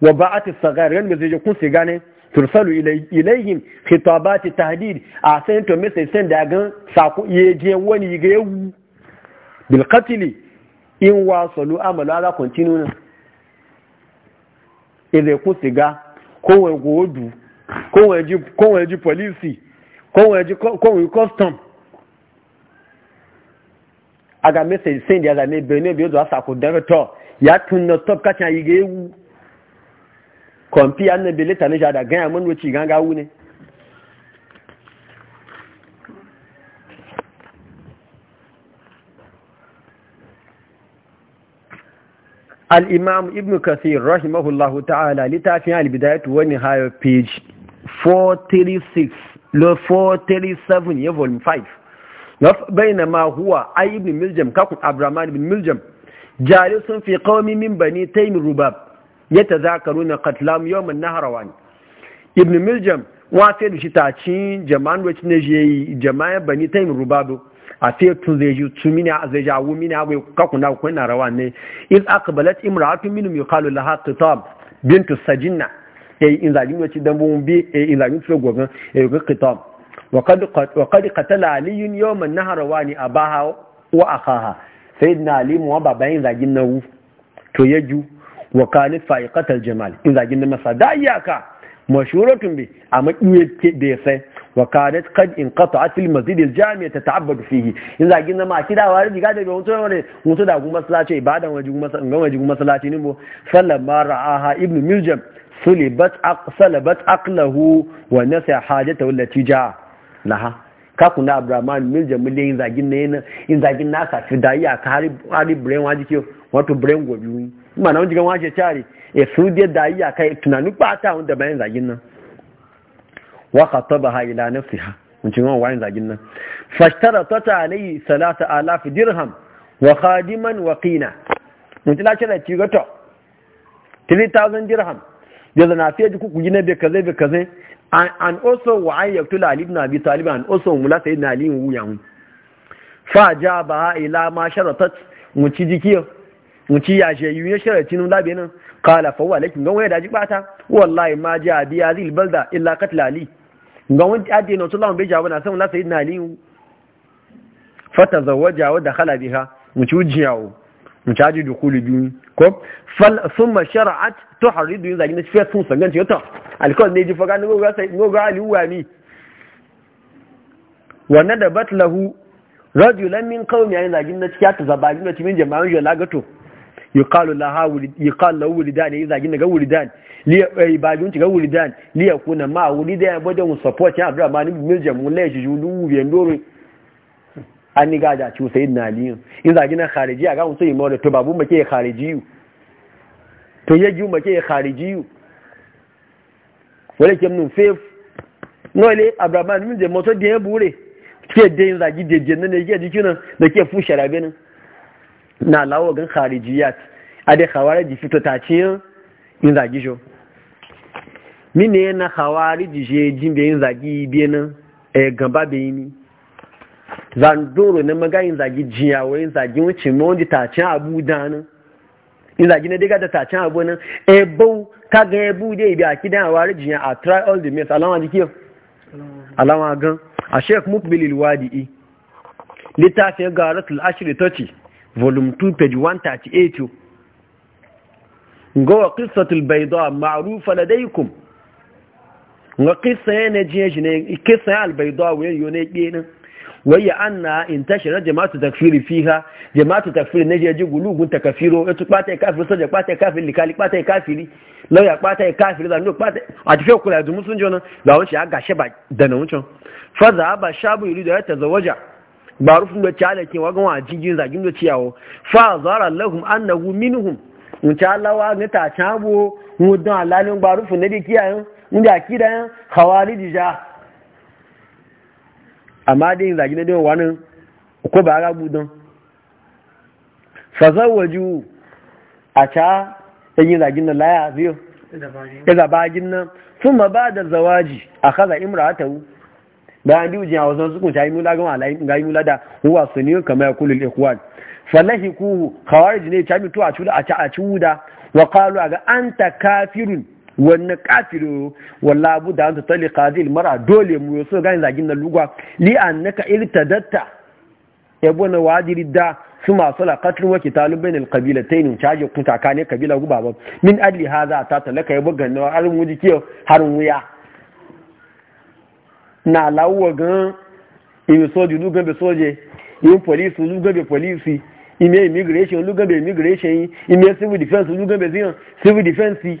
wa ba'at as-saghar wanda zai je kun siga ne tursalu ilaihim khitabati tahdid a sai to message send da gan sako ye wani ga yau bil qatl in wasalu amalu ala continue ne ile kun siga ko wai godu ko wai ji ko wai ji police ko wai ji ko wai custom aga message send ya zame bene bi zo asa ko dare to ya tun no top ka chan yige wu kompi an ne bele tani jada gan ya mun ganga wu ne al ibn kathir rahimahullahu ta'ala litafin al-bidayat wa page 436 lo 437 ya volume 5 ma huwa ay ibn miljam kakun abdurrahman ibn miljam jalisun fi qaumi min bani taym rubab yatazakaruna qatlam yawm an-nahrawan ibn miljam wa sai shi taci jama'an wacce ne je jama'a bani taym rubab a sai tun zai ji tun mini zai ji awu mini awu kakun na na narawan ne iz aqbalat imra'atun minhum yuqalu laha qitab bint sajinna eh in zagin wacce dan bun bi eh in zagin tsogogan eh ga qitab waƙaɗi ƙatala aliyun yawon na harawa ne a baha wa a ha. sai na alimu wa baba yin zagin na wu to ya ju wa kanin fa’iƙatar jamal in zagin na masa da iyaka mashuratun bi a maƙiyarke da ya sai wa kanin kan in kato a filin masu jami'a ta ta'abbar fihi in zagin na ma kira wa gada da gu laha kaku na abraman mil jamil yin zagin na yana yin zagin na sa fi dayi a ka hari brain wa jike wato brain gobi wuni ma na wajen wajen cari e su da dayi a kai tunanin bata wanda bayan zagin nan wa taba ha ila fi ha ci wani wayan zagin nan fashtara tata alayhi salata alaf dirham wa khadiman wa kina mun ci da ci 3000 dirham da na fiye ji kuku gina bai kazai bai kazai an eh? also wa an yaktu la alibna bi talib an also mula sai na alin wuya hun fa ja ba ila ma sharatat mu ci jiki mu ci ya she yun sharati nun labe nan qala fa wa lakin gawaye da ji bata wallahi ma ja bi azil balda illa qatl ali wani adi no sallallahu bai jawaba na sai mula sai na Aliyu. fata zawaja wa dakhala biha mu ci wujiyawo caji dukulu biyu ko sun ma shara'at to harri duniya zagi na shi sun sanganci yata alkawar ne ji faga na goga aliwuwa ni wanne da batlahu rajulan min kawai yayin zagin na cikin ta zabagin da cimin jama'in yola gato yuqalu laha la lahu wuridan yayin zagin daga wuridan li ibadun ga wuridan li yakuna ma wuri wuridan ya bada mu support ya abdurrahman bin miljam mulla ya shi julu bi ndoro an ni gaja ci sayin na aliyu in zagi na khariji a gawun sai mawada to babu make khariji to ya giyu make khariji wale kem nun fef nole abraman min je moto de bure ke de zagi de je ne ke di kinan da ke fu sharabe nan na lawo gan kharijiyat khawara khawariji fito ta ci in zagi jo ne na khawariji je jimbe in zagi bi nan e gamba be ni zandoro na in zagi jiya wai zagi wuce ma wanda tacin abu danin in zagi na daga da tacin abu nan ebo ka ga ebo dai bi a kidan a wari jiya a try all the means alama jiki alama gan a sheikh mukbilil wadi'i littafin garatul ashri tochi volume 2 page 138 ngowa qissatul bayda ma'rufa ladaykum ngowa qissa yana jiya shi ne qissa al bayda wayo ne kenan wayya anna in tashira jama'atu takfiri fiha jama'atu takfiri ne je gulugun takfiro etu pata e kafiri so je pata e kafiri likali pata e kafiri lawya pata kafiri da no pata ati fe okula du musun jona da won shi aga sheba da na wucin fa za ba shabu yuridu ya tazawaja barufun da cha da ke wagan wa jigin zagin da ciyawo fa zara lahum annahu minhum in cha lawa ne ta chabo mu don alalin barufun ne de kiyayen inda kidan dija amma dai zagi na dai wani ko ba ga budon zawaju a ta yin zagin na laya biyo ya zabagin nan sun ma ba da zawaji a kaza imratahu bayan biyu jiya wasan sukun ta yi mula gama ga yi mula da huwa su ne kama ya kulul ikwan fallahi ku kawar jine ta mutu a cuda a ci wuda wa kalu a ga an ta kafirun wani kafiro wala da hantar tali kazil mara dole mu so gani zagin na lugwa li annaka irtadatta yabo na wajiri da su masu lakatun wake talibai na kabila yin caji kuta ka ne kabila guba ba min adli ha za ta talaka yabo na harin wuji ke harin wuya na lawuwa gan ibi soji lugan be soje yin polisi lugan be polisi ime immigration lugan be immigration ime civil defense lugan be ziyan civil defense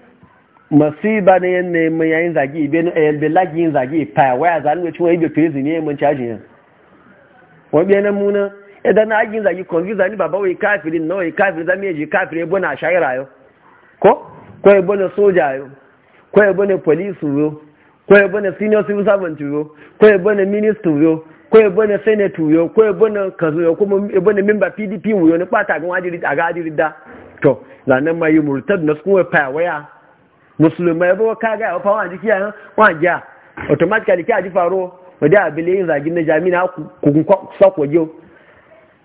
masiba ne ne mun yayin zagi ibe eh, ne yan billahi yin zagi fa waya zan ne cewa ibe fezi ne mun caji yan wa bi nan muna idan na yin zagi kongi zani baba wai kafirin no wai kafirin zan meji kafire bona shaira yo ko ko e bona soja yo ko e bona police yo ko e bona senior civil servant yo ko e bona minister yo ko e bona senator yo ko e bona kazo yo ko e bona member PDP yo ne pata gan wadi aga adiri da to lanan mai murtad na kuma fa waya musulmai ba ka ga fa wa jiki yan wa ja automatically ka ji faro wada abile yin zagin na jami'a ku kun sako yo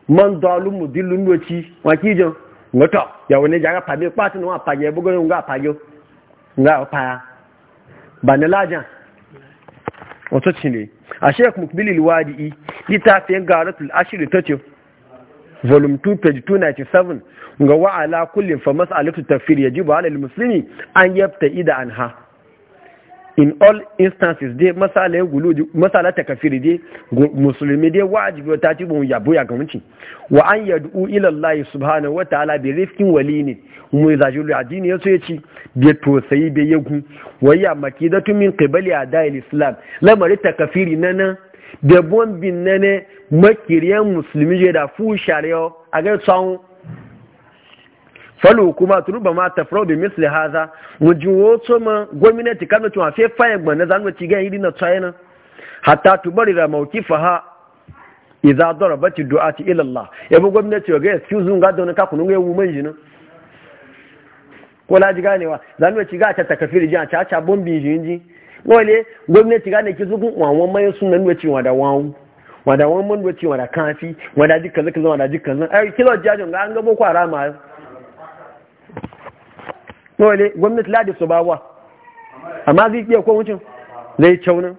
man dalu mudilun doci wa kijo ngoto ya wani jaga pame pati no apaje bugo nga apajo nga opa banalaja wato cine a sheik mukbil alwadi litafiyan garatul ashir tace volume 2 page 297 ga wa'ala kullum fa mas'alatu tafsir yajibu ala muslimi an yabta ida anha in all instances dai masala gulu masala ta kafiri dai musulmi dai wajibi ta ci bon yabo ya gamunci wa an yad'u ila Allah subhanahu wa ta'ala bi rifqin walini mu zajulu adini yaso yaci bi tosayi bi yagu wa ya makidatu min qibali adai islam lamari ta kafiri nana da bin nana makiriyan musulmi je da fu shariyo a ga tsawon falo kuma turuba ma ta fraudu misli haza mu wajen wato ma gwamnati kan mutum a fe fayin gbana za mu ci gan yi na china hatta tubari da mauki ha idza darabati du'ati ila allah bu gwamnati ga excuse ga don ka kunu ga woman jinin ko laji ganewa za mu ci ga ta takafiri ji a ta ta bombi jinji wale gwamnati ga ne ki zugun wawan mai sunan wacin wa da wawu wa da wawan mun wacin wa da kafi wa da dukkan zaka zama da dukkan zan ai kilo jajin ga an ga boko harama wale gwamnati ladi su ba wa amma zai iya ko wucin zai caunin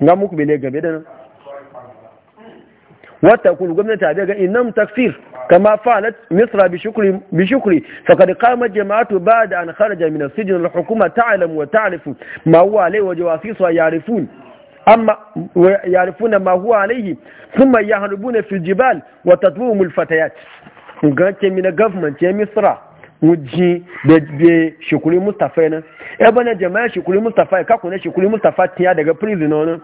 ga muku bele game da nan wata kun gwamnati ta daga inam taksir kama falat misra bi shukri bi shukri faqad qamat jama'atu ba'da an kharaja min as-sijn al-hukuma ta'lam wa ta'rifu ma huwa alayhi wa jawasisu ya'rifun amma ya'rifuna ma huwa alayhi thumma yahrubuna Filjibal, al-jibal wa tatluhum al-fatayat gace min government ya misra wuji da shekuri mustafa nan ebe na jama'a shekuri mustafa ya e kakuna shekuri mustafa tiya daga prison wani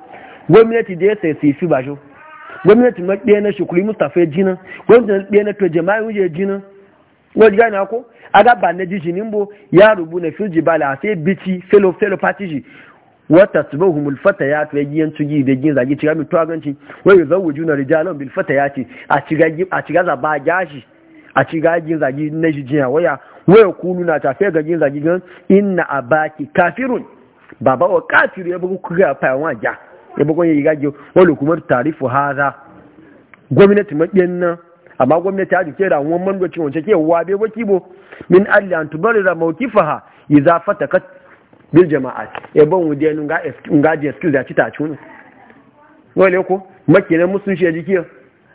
gwamnati da ya sai sisi ba shi gwamnati na ɗaya na shekuri mustafa ya jina gwamnati na ɗaya na to jama'a wuji ya jina wajen gani ako aga ba na jiji nimbo ya rubu na filji ba a sai bici felo felo patiji wata su bai humul fata ya tuwa giyan tugi da gin zagi ciga mai tuwa ganci wai zawuju na rijalon bil fata ya ce a ciga zaba gashi a ci gajin zagi na jijiya waya waya kulu na tafiya gajin zagi gan inna abaki kafirun baba wa kafiru ya bugu kuga fayan waja ya bugu ya gajin wani kuma tarifu haza gwamnati maɗin nan amma gwamnati ta duke da wani mandocin wance ke wabe wa kibo min alli an tubarira mawkifaha idza ka bil jama'at ya ban wudiya nun ga ngaji skill da ci ta cunu wale ko makinan musun shi a jikiya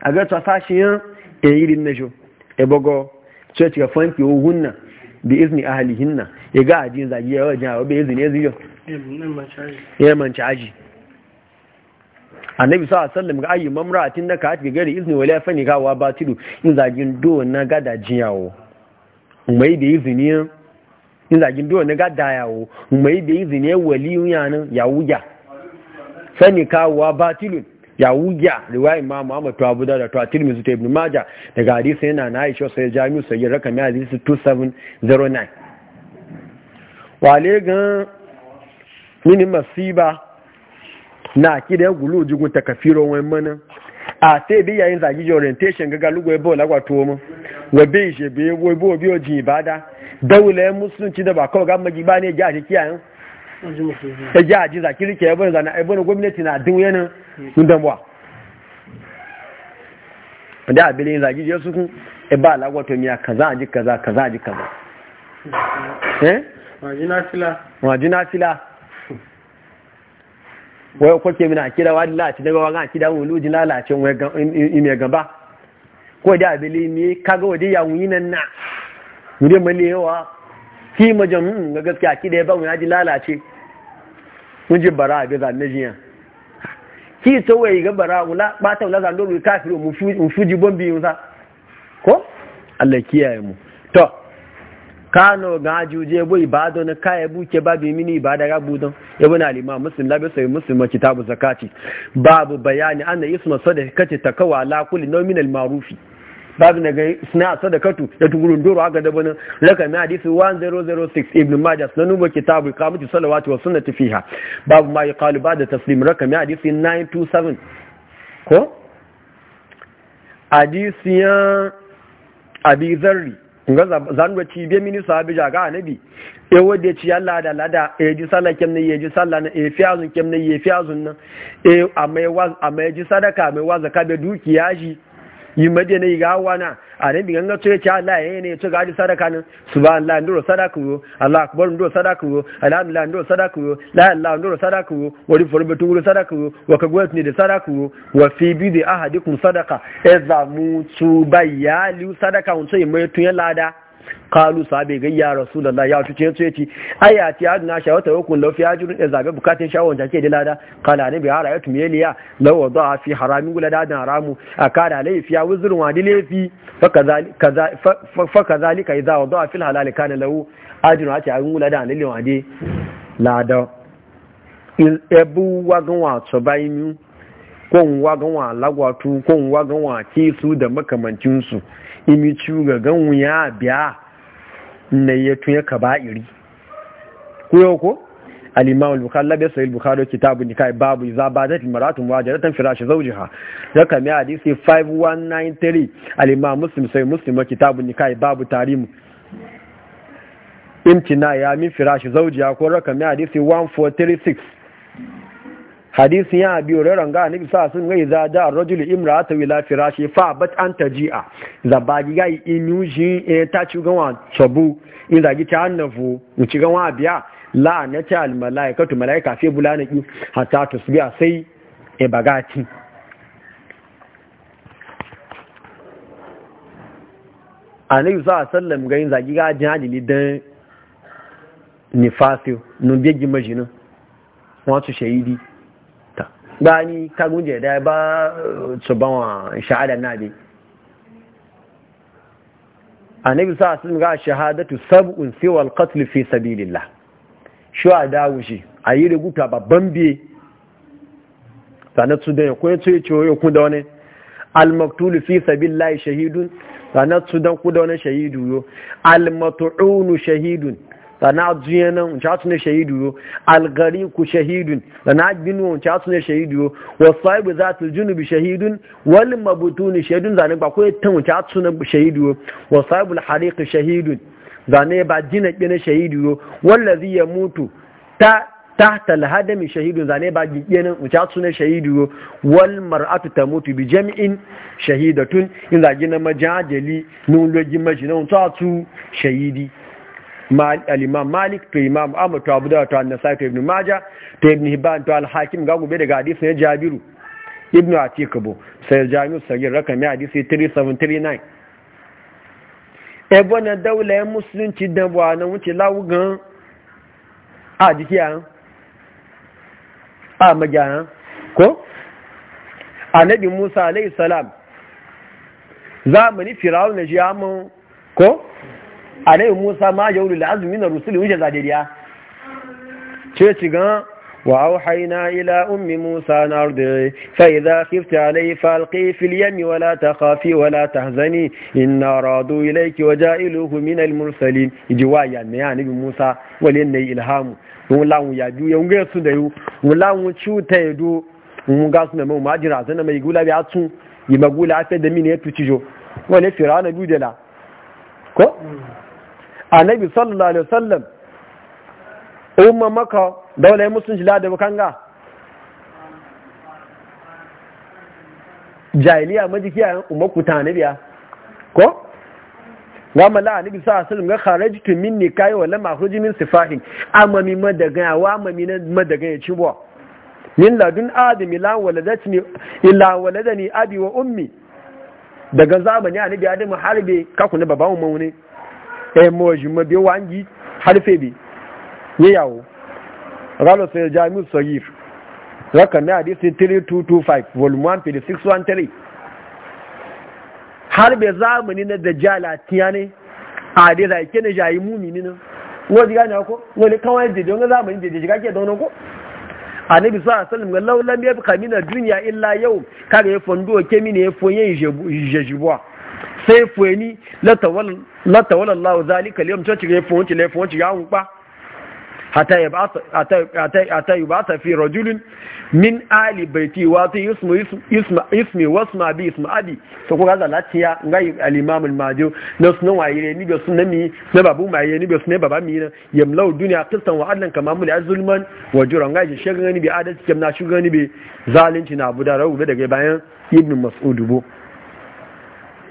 a ga ta fashiyan e eh, din na jo ebogo church ga fanki ohunna bi izni ahlihinna ya ga ajin zagi ya wajen abu bai izini ziyo ya manci aji annabi sa sallam ga ayyu mamra'atin da ka ga gari izni wala fani ga wa batilu in zagin do na gada jiyawo mai da izini in zagin do na gada yawo mai da izini waliyun yanan yawuya fani ka ba tudu. ya wuya riwayar ma Muhammad to Abu Dawud to Tirmidhi to Ibn Majah daga hadisi yana na Aisha sai Jami'u sai mai hadisi 2709 le gan mini masiba na kide ya gulu ta kafiro wani mana a te bi yayin zagi orientation gaga lugo ebo kwato mu wa bi je bi wo bo bi oji ibada ibada daula musulunci da ba ko ga ba ne ja ki kiyayen ta ji a aji za kirke ya bane zana ebonin gwamnati na din yanin sun damuwa da abilin zagi je su kun e ba lagwato miya a aji kaza kaza ji kaza eh majina fila na fila wai kwake mina kira wani lati daga wagan akida wulu ji lalace ime gaba ko da abili ne kaga waje ya nan na wuri mali yawa ki majamun hmm, ga gaskiya ki da ya bamu ya ji lalace mun ji bara ga na jiya ki to wai ga bara wala ba ta wala zando mu kafiru mu fuji bombi mu sa ko Allah kiyaye mu to kano ga juje bo ibado na kaya buke babu mini ibada ga don yabo na imam muslim labi sai muslim kitabu zakati babu bayani anna isma sadaqati takawa ala kulli nawmin al-ma'rufi babu na gai suna sadakatu da tugurun doro haka da bana laka mai hadisi 1006 ibn majah na nuba kitabu kamati salawatu wa sunnati tafiya babu ma yaqalu da taslim raka mai hadisi 927 ko hadisiyan abi zarri ga zanwa ci biya mini anabi e wadda ci yalla da lada e ji sallah kem ne ji sallah na e azun kem ne fi azun na e amma ya ji sadaka mai wa zaka da dukiya shi yi madina yi ga wana a nan bi ganga tsoye ci Allah ya ne to ga ji sadaka nan subhanallah ndoro sadaka yo Allah akbar ndoro sadaka yo alhamdulillah ndoro sadaka yo la ilaha ndoro sadaka yo wari forbe tunguru sadaka yo wa ka gwat ne da sadaka yo wa fi bi da ahadikum sadaka idza mutu bayali sadaka unto yi mai tuyan lada kalu sabe gayya ya rasulullah ya tuce su yace aya ti adna shawata wa kun fi ajrun da zabe bukatun shawon da ke dilada kala ne bi ara yatum yeliya law wada fi haramin gula da haramu akada fi ya wuzurun wadi laifi fa kaza fa kazalika idza wada fi halal kana lahu ajrun ati an gula da halal wade lada ebu wagan wa mu? ko wagan wa lagwatu ko wagan wa kisu da makamancinsu su imi ciwo ga ganwu ya biya na ya tuya ka ba'iri kuyo ko al-imam al-bukhari labe sahih bukhari kitabu nikai babu iza badat maratu muwajadatan firashi zawjiha daga mai hadisi 5193 al-imam muslim sai muslim kitabu nikai babu tarimu imtina ya min firashi zawjiha ko raka mai hadisi 1436 Hadisin ya biyo rarran ga annabi sa sun gai za da rajul imra'ata wila firashi fa bat an taji'a za ba gi ga inuji e ta ci ga wa sabu in da gi ta annafu mu ci ga wa biya la na ta al malaikatu malaika fi bulana ki hatta tusbiya sai e bagati annabi sa sallam ga in zagi ga jihadi dan nifasiyo nun biye gi majina wato shahidi ni kagun je da ba su ban wa shahada nabi annabi sa sun ga shahadatu sab'un siwa al-qatl fi sabilillah shuhada wushi ayi rubuta babban biye sanatu da ko yace ciwo ku da wani al-maktul fi sabilillah shahidun sanatu dan ku da wani shahidu yo al-mat'un shahidun sana jiyana mchatu ne shahidu yo ku shahidun sana binu mchatu ne shahidu yo wasaibu zatul junubi shahidun wal mabutuni shahidun zane ba ko tan mchatu ne shahidu wasaibu alhariq shahidun zane ba jina kene shahidu yo wallazi yamutu ta tahta alhadami shahidun zane ba gigena mchatu ne shahidu yo wal mar'atu tamutu bi jam'in shahidatun in zagina majajali nun logi majina mchatu shahidi al’imam malik to imam ahmad to abu da to an-nasai to ibn maja to ibn hibban to alhakim ga gube daga hadisi ne jabiru ibn atikabo sai jami'u sagir rakami hadisi 3739 ebo na ya musulunci dan bu anan wuce lawugan a jiki a a magiya ko nabi musa alayhi salam zamani firawun na ji ko alayhi musa ma ya wuri la'azumi na rusuli wuce zadiriya ce ci wa auhaina ila ummi musa na ardi fa idza khifti alayhi falqi fil yami wa la takhafi wa la tahzani inna radu ilayki wa ja'iluhu min al mursalin jiwa ya ne ya nabi musa wale ne ilhamu ya biyu yau yau ko annabi sallallahu alaihi wasallam umma maka daula musulunci da kanga jahiliya majikiya umaku ta nabiya ko gama la anabi sa asalin ga kharajtu minni kai wala makhruji min sifahi amma mi madaga wa amma mi madaga ya ci bo min ladun adami la waladatni illa waladani abi wa ummi daga zamani anabi adamu harbe kaku ne mu ne e mo juma bi wangi harfe bi Ya yawo galo sai jami'u sagir raka na hadisi 3225 volume 16.1.3. page har be zamani na dajjala tiyane a dai da ke ne jayi mumini ne ngo diga ne ko ngo le kawai de don zamani de de ga ke don ko annabi sa sallam ga laulan ya bi kamina duniya illa yau kaga ya fondo ke mine ya fonye je jibwa sai fueni la tawalla Allah zalika liyam yawm to cire fuwon ci lefon ci ya hupa hata yi ba ta fi rajulun min ali baiti wa ta wasu ma bi ismi abi to ko gaza latiya ngai al-imam al na sunan waye ni be suna mi na babu maye ni suna sunan baba mi na yamlau duniya qistan wa adlan kama mul azulman wa juran gaji shagani bi adalci shugan shugani bi zalunci na abu da rawu daga bayan ibn masu bo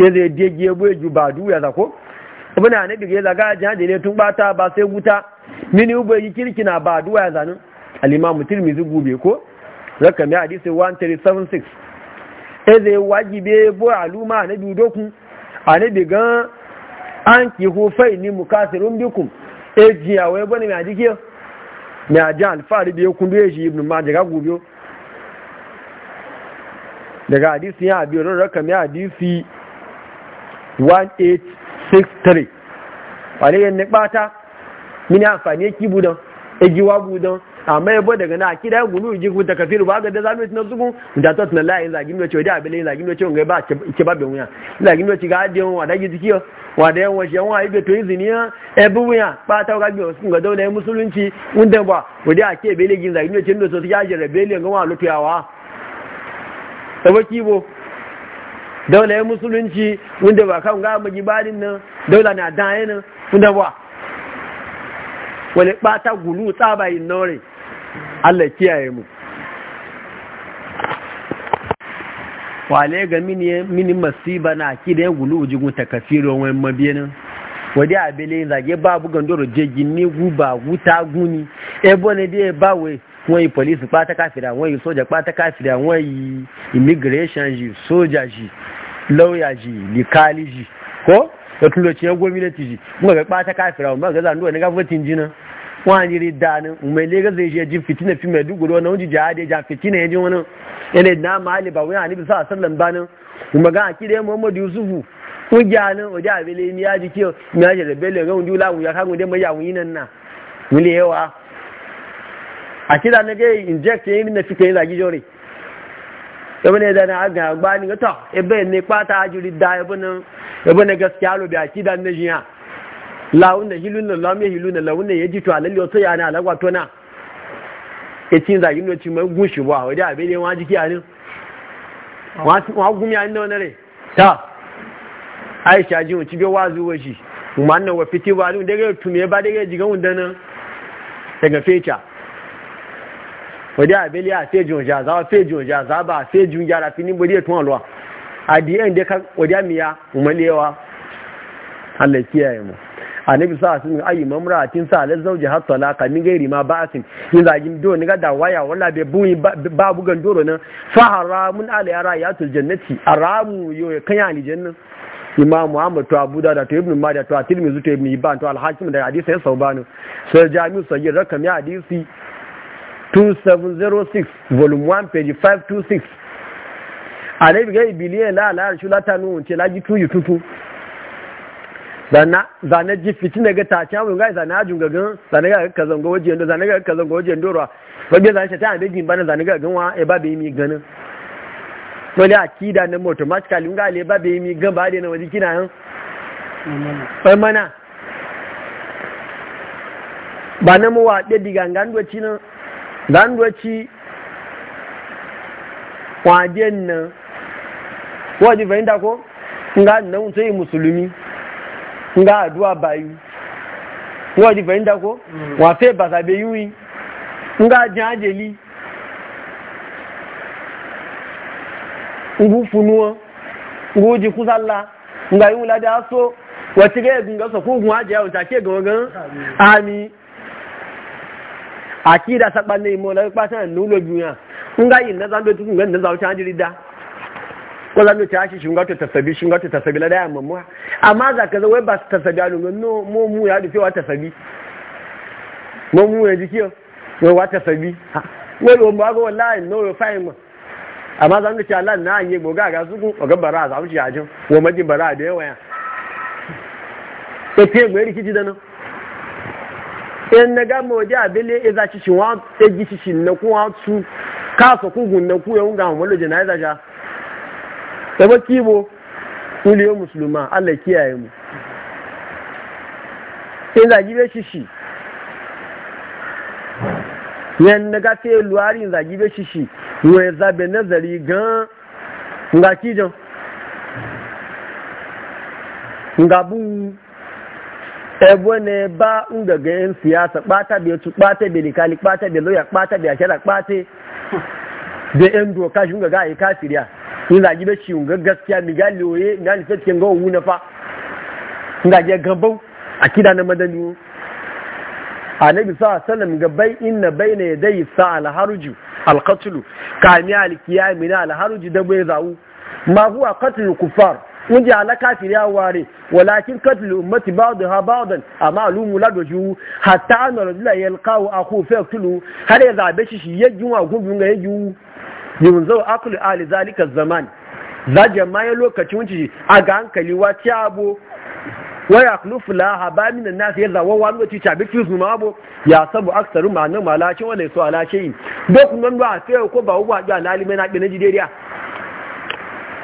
ya zai dege ya bai ju ba duya za ko abin da annabi ya zaga da ne tun bata ba sai wuta mini ubai yi kirki na ba duwa ya zanin alimamu tirmizi gube ko zaka mai hadisi 1376 ya zai wajibe bo aluma annabi dokun annabi gan an ki hufai ni mukasirun bikum e jiya wai bane mai ajike mai aji alfahari biyo kun biyo shi ibn majaga gobe daga hadisi ya biyo rarraka mai hadisi 1863 wale yanne bata mini amfani ya kibu don ejiwa budan amma yabo daga na akida ya gulu ji ku takafiru ba ga da zamu tuna zugu da ta na la in zagin wace da abin zagin wace ngai ba ke ba bin wuya zagin wace ga adiyan wa da gi jikiyo wa da yan wace wa ibe to izini ya ebu wuya ba ta ga bi wasu ga dole musulunci undan ba wadi ake bele gin zagin wace ndo so ya jere bele ga wa lutuyawa sabaki bo daula ya musulunci wanda ba kan ga mu nan daula na daya nan wanda ba wale bata gulu tsaba yin nore Allah kiyaye mu wale ga mini mini masiba na akida ya gulu ujigun takafiro wani mabiyanin wadi abele zage babu gandoro jeji ni guba e guta guni ebo ne dai bawe wọ́n yìí police pátá wọ́n yìí sójà pátá wọ́n yìí immigration yìí sójà yìí lauya ji likali ji ko da tulociyar gwamnati ji kuma ga ɓata kafira umar ga zanuwa na gafatin jina wani ridanin mai lega zai je jin fitina fi mai duguru wani wunji jihadi ja fitina ya ji wani yana na mahali ba wani anibi sa sallan banin kuma ga akida ya muhammadu yusufu wujanin wajen abele ni ya ji kiyo ni ya ji rebele ga wunji wula wuya kan wunde mai yawun yi nan na wule yawa akida na ga inject ya yi na fika yin zagi jore yabo ne zana aga agba ni to ebe ne pata ajuri da yabo ne gaskiya lo bi akida ne jiya lawun ne hilun ne lawun ne hilun lawun ne yaji to alalli oto ya ne alagwa to na etin za yinu ti mo gun ba, wa wadi abe ne wa jiki ani wa wa gumi ani ne onere ta aisha ji mu ti be wazu wo shi umman ne wa fiti walu daga tume ba daga jigan wundana daga fecha wadi abeli a feji àzáwà fẹ́jù feji onja azaba feji onja rafi ni bodi etun olwa adi en de ka wadi e annabi sa sun ayi sa lal zauji har talaka min gairi ma yin zagin do waya wala be buyi ba ala yara yatul jannati aramu muhammad to abu ibn majah to at-tirmidhi ibn hibban da hadisi sai saubanu sai jami'u sayyid rakam ya hadisi 2706 volume 1 page 526 alaibi ga ibiliye la ala shi lata nu ce laji tuyu tutu zane ji fiti na ga ta can wunga zane ajun gagan zane ga ka zango waje ndo zane ga ka zango waje ndo ra wajen zane shata ande jin bana zane ga gan wa e ba be mi ganin wani akida na automatically wunga le ba be mi gan ba de na waje kina yan ai mana ba na mu wa de diga ngan cinan zanduwaci kwajen nan wajen fahimta ko nga nan mutum yi musulmi nga aduwa bayu wajen ko mm. wafe basabe yiwu nga jin ajeli ngu funuwa ngu ji kusalla nga yi wula da so wacce ga yi gunga sokogun ke gawa gan ami akida saba ne mo la pa san nu lo juyan nga yin na zan do tukun gan na zawo chan jirida ko zan do ta shi shunga to tasabi shunga to tasabi la da amma mu amma za ka zo wai ba tasabi alu no mo mu ya dufe wa tasabi mo mu ya jikiyo mo wa tasabi wai lo mu ga wallahi no lo fine mu amma zan do ta Allah na yi mo ga ga su ku ga bara za mu shi ajin wo maji bara da yawa ya ko te mu rikici da nan in na gama waje abele ya za ci wa ta gi ci shi na kuwa su kasa kugun na kuwa yawon gama wani jana ya za sha ba kibo kuliyar musulma allah kiyaye mu in zagi bai shi shi yan na gafe luwari in zagi bai shi shi ya zabe nazari gan nga kijan nga buu ebe ne ba n daga yin siyasa ɓata bai tu ɓata bai likali ɓata bai lauya ɓata bai ashara ɓata da yan kashi shi ga yi kafiriya yin zagi ba shi ga gaskiya mi ga loye na nufe cikin ga owu na fa ga je gabau a kida na madani bi sa Salam ga bai inna baina yadai sa alharuju alqatlu kami alkiyami na alharuju da bai zawu ma huwa qatlul kuffar mun ji halaka fi ya ware walakin katil ummati ba'd ha ba'd amma alumu la doju hatta an rajula yalqahu akhu fa yaqtulu har ya zabe shi shi yaji wa gugun ga yaji yun zo aklu ali zalika zaman za jama'a lokacin wuce a ga hankali wa ci abo wa yakhlufu la haba min nas ya yadha wa wa ci ta bitu zuma abo ya sabu aksaru ma malaki wala su ala dokun nan ba sai ko ba wa ga lalime na kinaji jideriya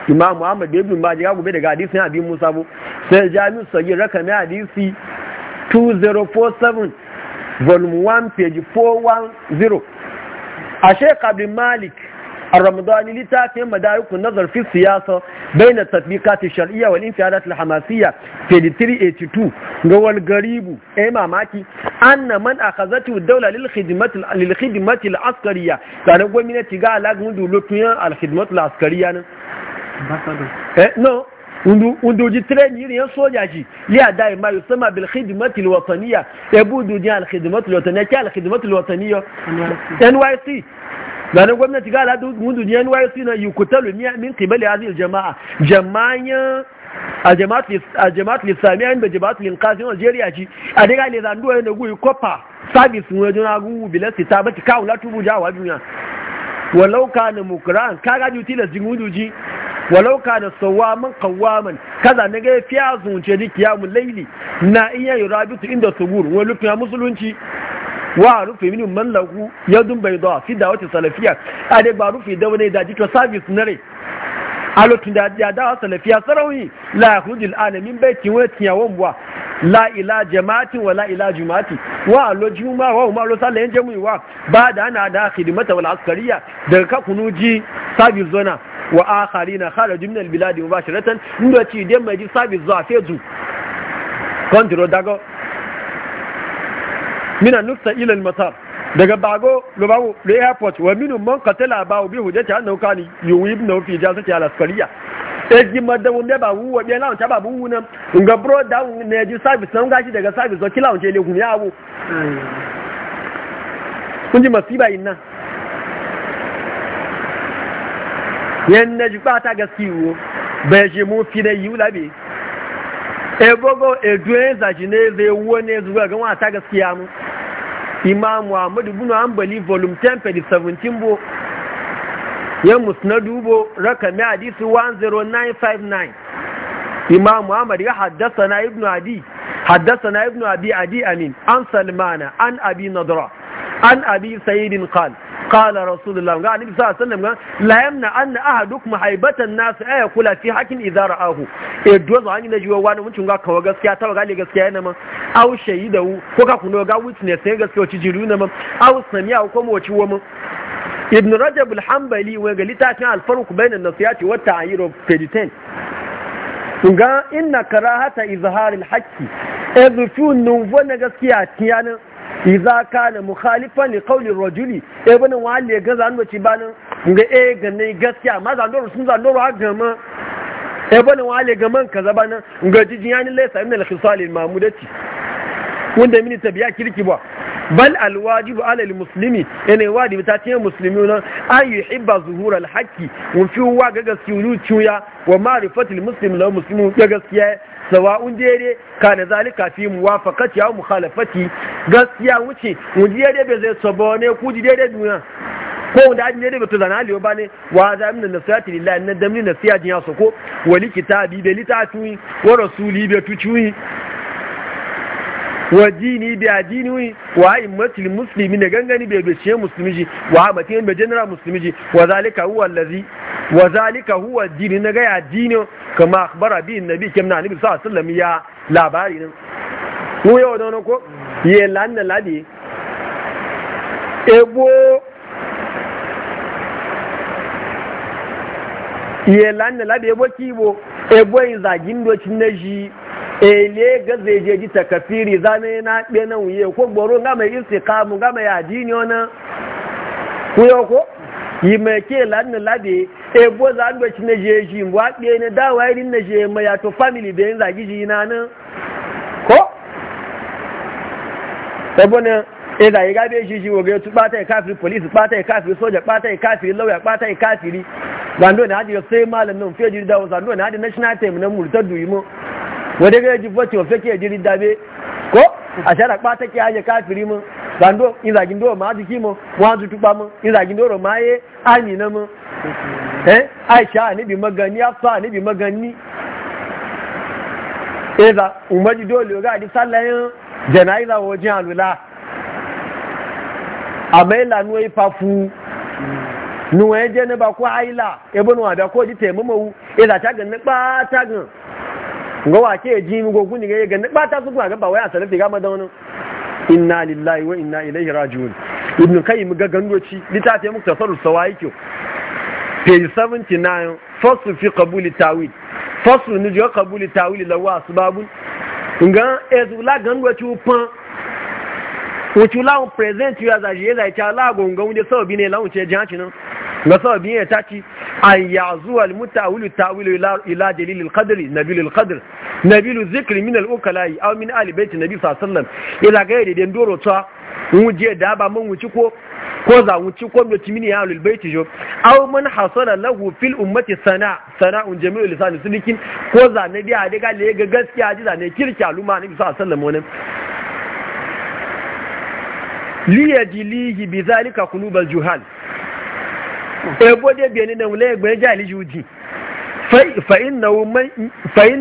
imam muhammad da ibn majah gobe daga hadisin abi musa bu sai jami'u raka rakami hadisi 2047 volume 1 page 410 a sheikh abdul malik الرمضاني لتاتي مدارك النظر في السياسة بين التطبيقات الشرعية والانفعالات الحماسية في 382 هو الغريب اي ماماكي أن من أخذته الدولة للخدمة للخدمة العسكرية كان هو من اتجاه لغن دولتنا الخدمة العسكرية Eh, no unduji treni irin yan soja ji ya dai ma yusama bil khidmati al wataniya yabudu ji al khidmati al wataniya ki al khidmati al wataniya NYC ganin gwamnati ga aladu mundu ji NYC na yukutalu min qibali hadhihi al jamaa jama'a a jama'at lissamiya inda jama'at linkasin algeria ci a daga ne zanduwa yana guyi kofa sabis wajen agungu bilasi ta bata kawo latubu jawa duniya walau ka na mukuran ka gaji tilas jin hudu ji walau ka da sawamin kawamin kaza na gaya fiya zunce da kiyamun laili na iya yi rabitu inda sugur wani lufin ya musulunci wa rufe minin mallaku ya dumbai zuwa fi da wata salafiya a dai ba rufe da wani daji to sabis na rai a lokacin da ya dawa salafiya sarauni la hudul alamin bai kiwo tiyawon buwa la ila jama'atin wa la ila juma'ati wa lo juma wa ma lo sallayen jami'i ba da ana da khidmata wal askariya daga kakunuji sabis zona wa akharina kharaju min albilad mubashiratan ndo ci dem ma ji sabi za fezu kontro dago mina nusa ila almatar daga bago bago le airport wa minu man qatala ba bi hujjati annahu kan yuwi ibn fi jazati ala askariya eji madawu me ba wuwa be lawo ta ba buwu na nga bro down ne ji sabi san gashi daga sabi zo kila on je le gumi kun kunji masiba inna yan ji ɓata gaske wo bai ji mu fi da yi labe ebogo eduyen zaji ne zai wo ne zuwa ga wata gaskiya mu imam muhammadu bin ambali volume 10 page 17 bo ya musnadu bo rakami hadisi 10959 imam muhammad ya haddasa na ibnu adi haddasa na ibnu abi adi amin an salmana an abi nadra an abi sayyidin qal qala rasulullah ga annabi sallallahu alaihi wasallam ga la yamna anna ahadukum haibatan nas ay kula fi hakin idza ra'ahu e dozo an ne jiwa wani mutum ga kawo gaskiya ta ga le gaskiya ne ma aw shahida ko ka kuno ga witness ne gaskiya ci jiru ne ma aw sami'a ko mo ci wo mu ibn rajab al-hanbali wa ga litafin al-farq bayna an-nasihati wa at-ta'yir of 10 ga inna karahata izharil haqqi ezu fi nun gaskiya tiyanin iza kana mukhalifan li kawai rajuli e eh, bana wale ga zan ci banin ga e eh, ga gaskiya ma zan doro sun zan doro ha gama e eh, bana wale ga ka kaza nan ga jijin yanin laisa min al-khisal al-mamudati wanda mini tabiya kirki ba bal alwajibu alal musulmi yana wajibi ta ce musulmi wani an yuhibba zuhur alhaqi mun fi wa ga gaskiya wa ma'rifatul musulmi na musulmi ga gaskiya sawa'un dere ka na zalika fi muwafaqati aw mukhalafati gaskiya wuce mu dere bai zai sabo ne ku ji dere duniya ko wanda ajin dere bai to zana aliyo bane wa za min nasiyati lillahi na damni nasiyati ya soko wali kitabi bai litatuwi wa rasuli bai tuciwi wa dini bi adini wa aimmati muslimi ne gangani bai bai ce musulmi wa amatin bai general musulmi wa zalika huwa allazi wa zalika huwa dini na gaya dini kama akhbara bi annabi kim na annabi sallallahu alaihi wasallam ya labari nan mu yau da ko ye lanna ladi ebo ye lanna ladi ebo kibo ebo in zagin do cin naji ele ga zai ji takafiri zane na be na wuye ko gboro ga mai istiqamu ga mai adini ona ku yau ko yi mai ke lanna labe ebo za an ci na jeji wa ɗaya ne da wa irin na je mai yato family da yin zagi ji na nan ko ebo ne e da yi gabe shi shi woge tu ɓata ya kafiri polisi ɓata ya kafiri soja ɓata ya kafiri lauya ɓata ya kafiri zando na hadi ya sai malam nan fiye jiri dawo zando na hadi national team na murtar duyi mu wadda ga ya ji wa fake ya jiri dabe ko a shara bata ki hajji kafiri mu bando izagin doro ma jiki mu wa ju tuba mu izagin doro ma ye ani na mu eh aisha ni bi magani afa ni bi magani eza umaji dole ga di sallayin janaiza wajen alula amaila nuwa ifafu nuwa ya je ni ba ko aila ebe nuwa da ko di taimamu eza ta ganin ba ta gan ga wake ya ji mi gogun ni ga ya ganin ba ta su ga ba wai a salafi ga madan wani inna lillahi wa inna ilaihi raji'un ibn kayyim ga gandoci litafi muku tasarruf sawaiki page 79 fasu fi qabuli tawil fasu ni jo qabuli tawil lawa asbabun nga ezula gandoci upan wucu la present you as a jela ta la ga wunde sababi ne lawun ce jihanci nan Na sababin ya taci an yazu al mutawilu tawilu ila dalil al qadr nabil al qadr nabil zikri min al ukalai min ali bait nabi sallallahu alaihi wasallam ila ga yadda ndoro ta wuje da ba mun wuci ko ko za wuci ko da timini ya alul baiti jo aw man hasala lahu fil ummati sana sana'un jami'ul lisan sudikin ko za ne da daga le ga gaskiya ji za ne kirki aluma nabi sallallahu alaihi wasallam wannan liyajilihi bi zalika qulubal juhal ebo dai biyani da wule gbe jali juji fa'in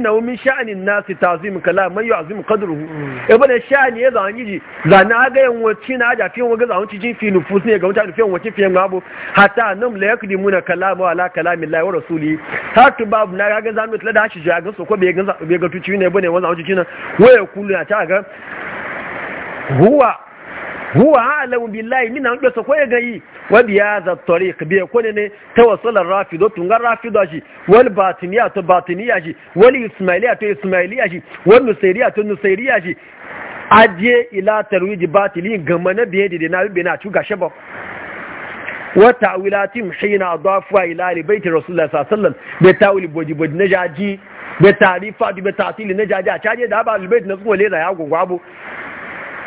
na min sha'anin nasu ta zuwa kala mai yi azumin kaduru mm. ebo ne sha'ani ya zaun yi na aga 'yan wacce na aja fiye waga zaun cikin fi nufus ne ga wuta da fiye wace fiye mabo hata nan la yakudi na kala ma ala kala min lai wa rasuli har tu babu na ga zamu tla da shi ja ga so ko bai ga tuci ne bane wannan cikin nan waya kullu ya ta ga huwa huwa alamu billahi mina wanke su koya gayi wadda ya zattori biya kone ne ta wasular rafidu tungar rafidu shi wani batiniya to batiniya shi wani ismailiya to ismailiya shi wani nusairiya to nusairiya shi aje ila tarwiji batili gamana biye da na bibe na cuga shaba wa ta'wilatim hina adafu ila li baiti rasulullah sallallahu alaihi wasallam da ta'wil boji boji na jaji da tarifa da ta'til na jaji a caje da ba albayt na kuma leda ya gogwabo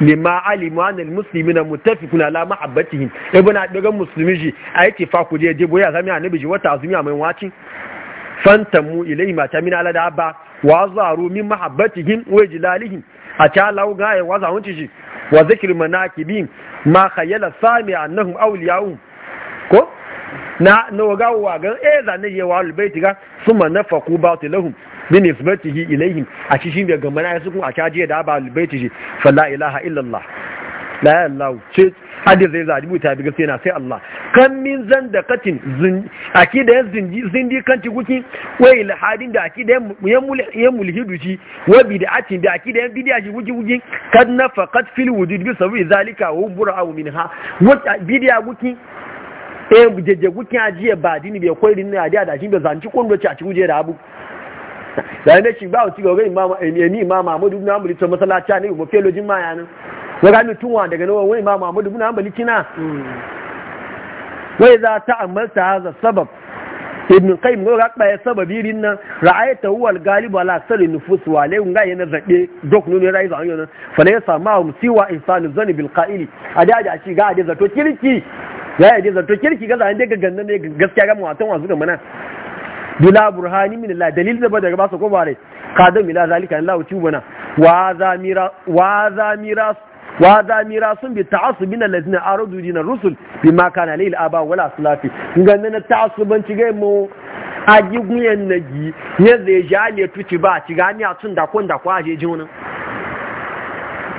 lima alimu an almuslimi na lama ala ma'abbatihim ya bana daga musulmi ji a yake fa ku je je boya zami nabi ji wata azumi a mai wacin fantamu ilai ma ta min ala da ba wa zaru min mahabbatihim wa jilalihim a ta lawo ga ya waza hunci ji wa zikr manakibin ma khayyala sami annahum awliya'u ko na na ga wa ga e zanne ye wa albayti ga summa batilahum bi nisbatihi ilaihim a cikin daga mana ya sukun a caje da ba albaiti shi fa la ilaha illallah la ilaha illallah ce hadis zai zaji buta bi gaskiya na sai Allah kan min zandaqatin akida yan zindi zindi kan ci guki wa il hadin da akida yan mulhidu ci wa bid'atin da akida yan bid'a ji guki guki kad nafaqat fil wujud bi sabi zalika wa bura'u minha wa bid'a guki e eh, jeje guki ajiye ba dini bai koyi dini adiya da shi bai zanci kondo ci a ci guje da abu da ne shi ba wuce ga wani imam eh, ni imam Muhammad ibn Hanbali to masallaci ne mu fe lojin ma yana wa ga mutunwa daga nawa wani imam Muhammad ibn ambali kina wai za ta amalta hadha sabab ibn qayyim ga ga ba sababi rin nan ra'ayta huwa al-ghalib ala sirri nufus wa lai ga yana zabe dok nuni rai zan yana fa la yasma hum siwa insanu zani bil qa'ili ajaja a ci ga da zato kirki ya ya zato kirki ga zan daga gannan ne gaskiya ga mu watan wasu ga mana bila burhani min Allah dalil zaba daga basu ko bare kadan mila zalika Allah uci bana wa zamira wa zamira wa zamira sun bi ta'assubin allazina aradu dinar rusul bima kana lil aba wala salafi ganin na ci ga mu aji yan nagi ne zai jale tuci ba ci gani a tun da kon da kwa je jona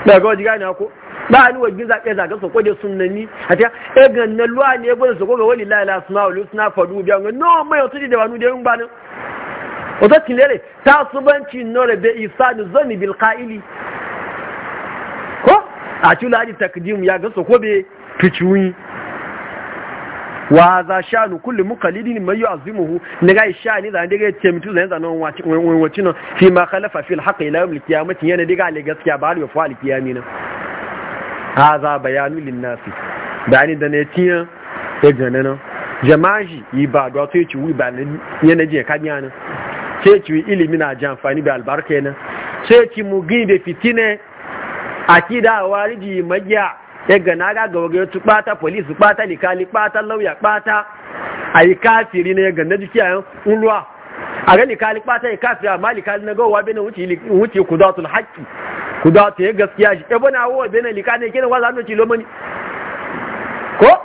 daga wajen gani ko ba ni wa giza ɗaya zaga su kwaje sunanni a ta e eh, ganin na luwa ne gwada su kwaga wani su suna wali suna faru biya ga no mai wasu da wani da yin ba nan wata tilere ta banci nore da isa da zoni bil ka'ili ko a ci la'adi takdimu ya ga su kwabe ficiwi wa za sha nu kulli muqallidin man yu'azzimuhu na ga sha ni zan daga ce mutu zan zan wani wacin fi ma kalafa fil haqqi ila yawm al qiyamati yana daga le gaskiya ba yi wafa al likiyamina? haza bayanu linnasi dani da ne tiya ya e gane nan jama'i yi ba da wato wi ba ne yana je kan yana sai wi ilimi na ji amfani da albarka yana sai yaci mu gini da fitine akida wariji magiya ya e gana ga gawa ga yato bata police bata likali bata lauya bata ayi kafiri ne ya gane jikiyayen ulwa a ga likali yi ya a mali likali na gawa bene wuce kudatul haƙƙi kudatul ya gaskiya shi ebe na awo bene lika ne kenan wazan ci lomani ko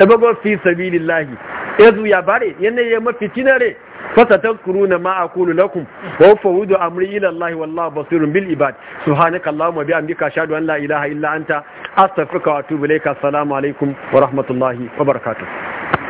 ebe go fi sabilillahi yazu ya bare yana mafi tinare fasa tazkuruna ma aqulu lakum wa wudu amri ila Allah wallahu basirun bil ibad subhanaka allahumma bi amdika ashhadu an la ilaha illa anta astaghfiruka wa atubu ilayka assalamu alaikum wa rahmatullahi wa barakatuh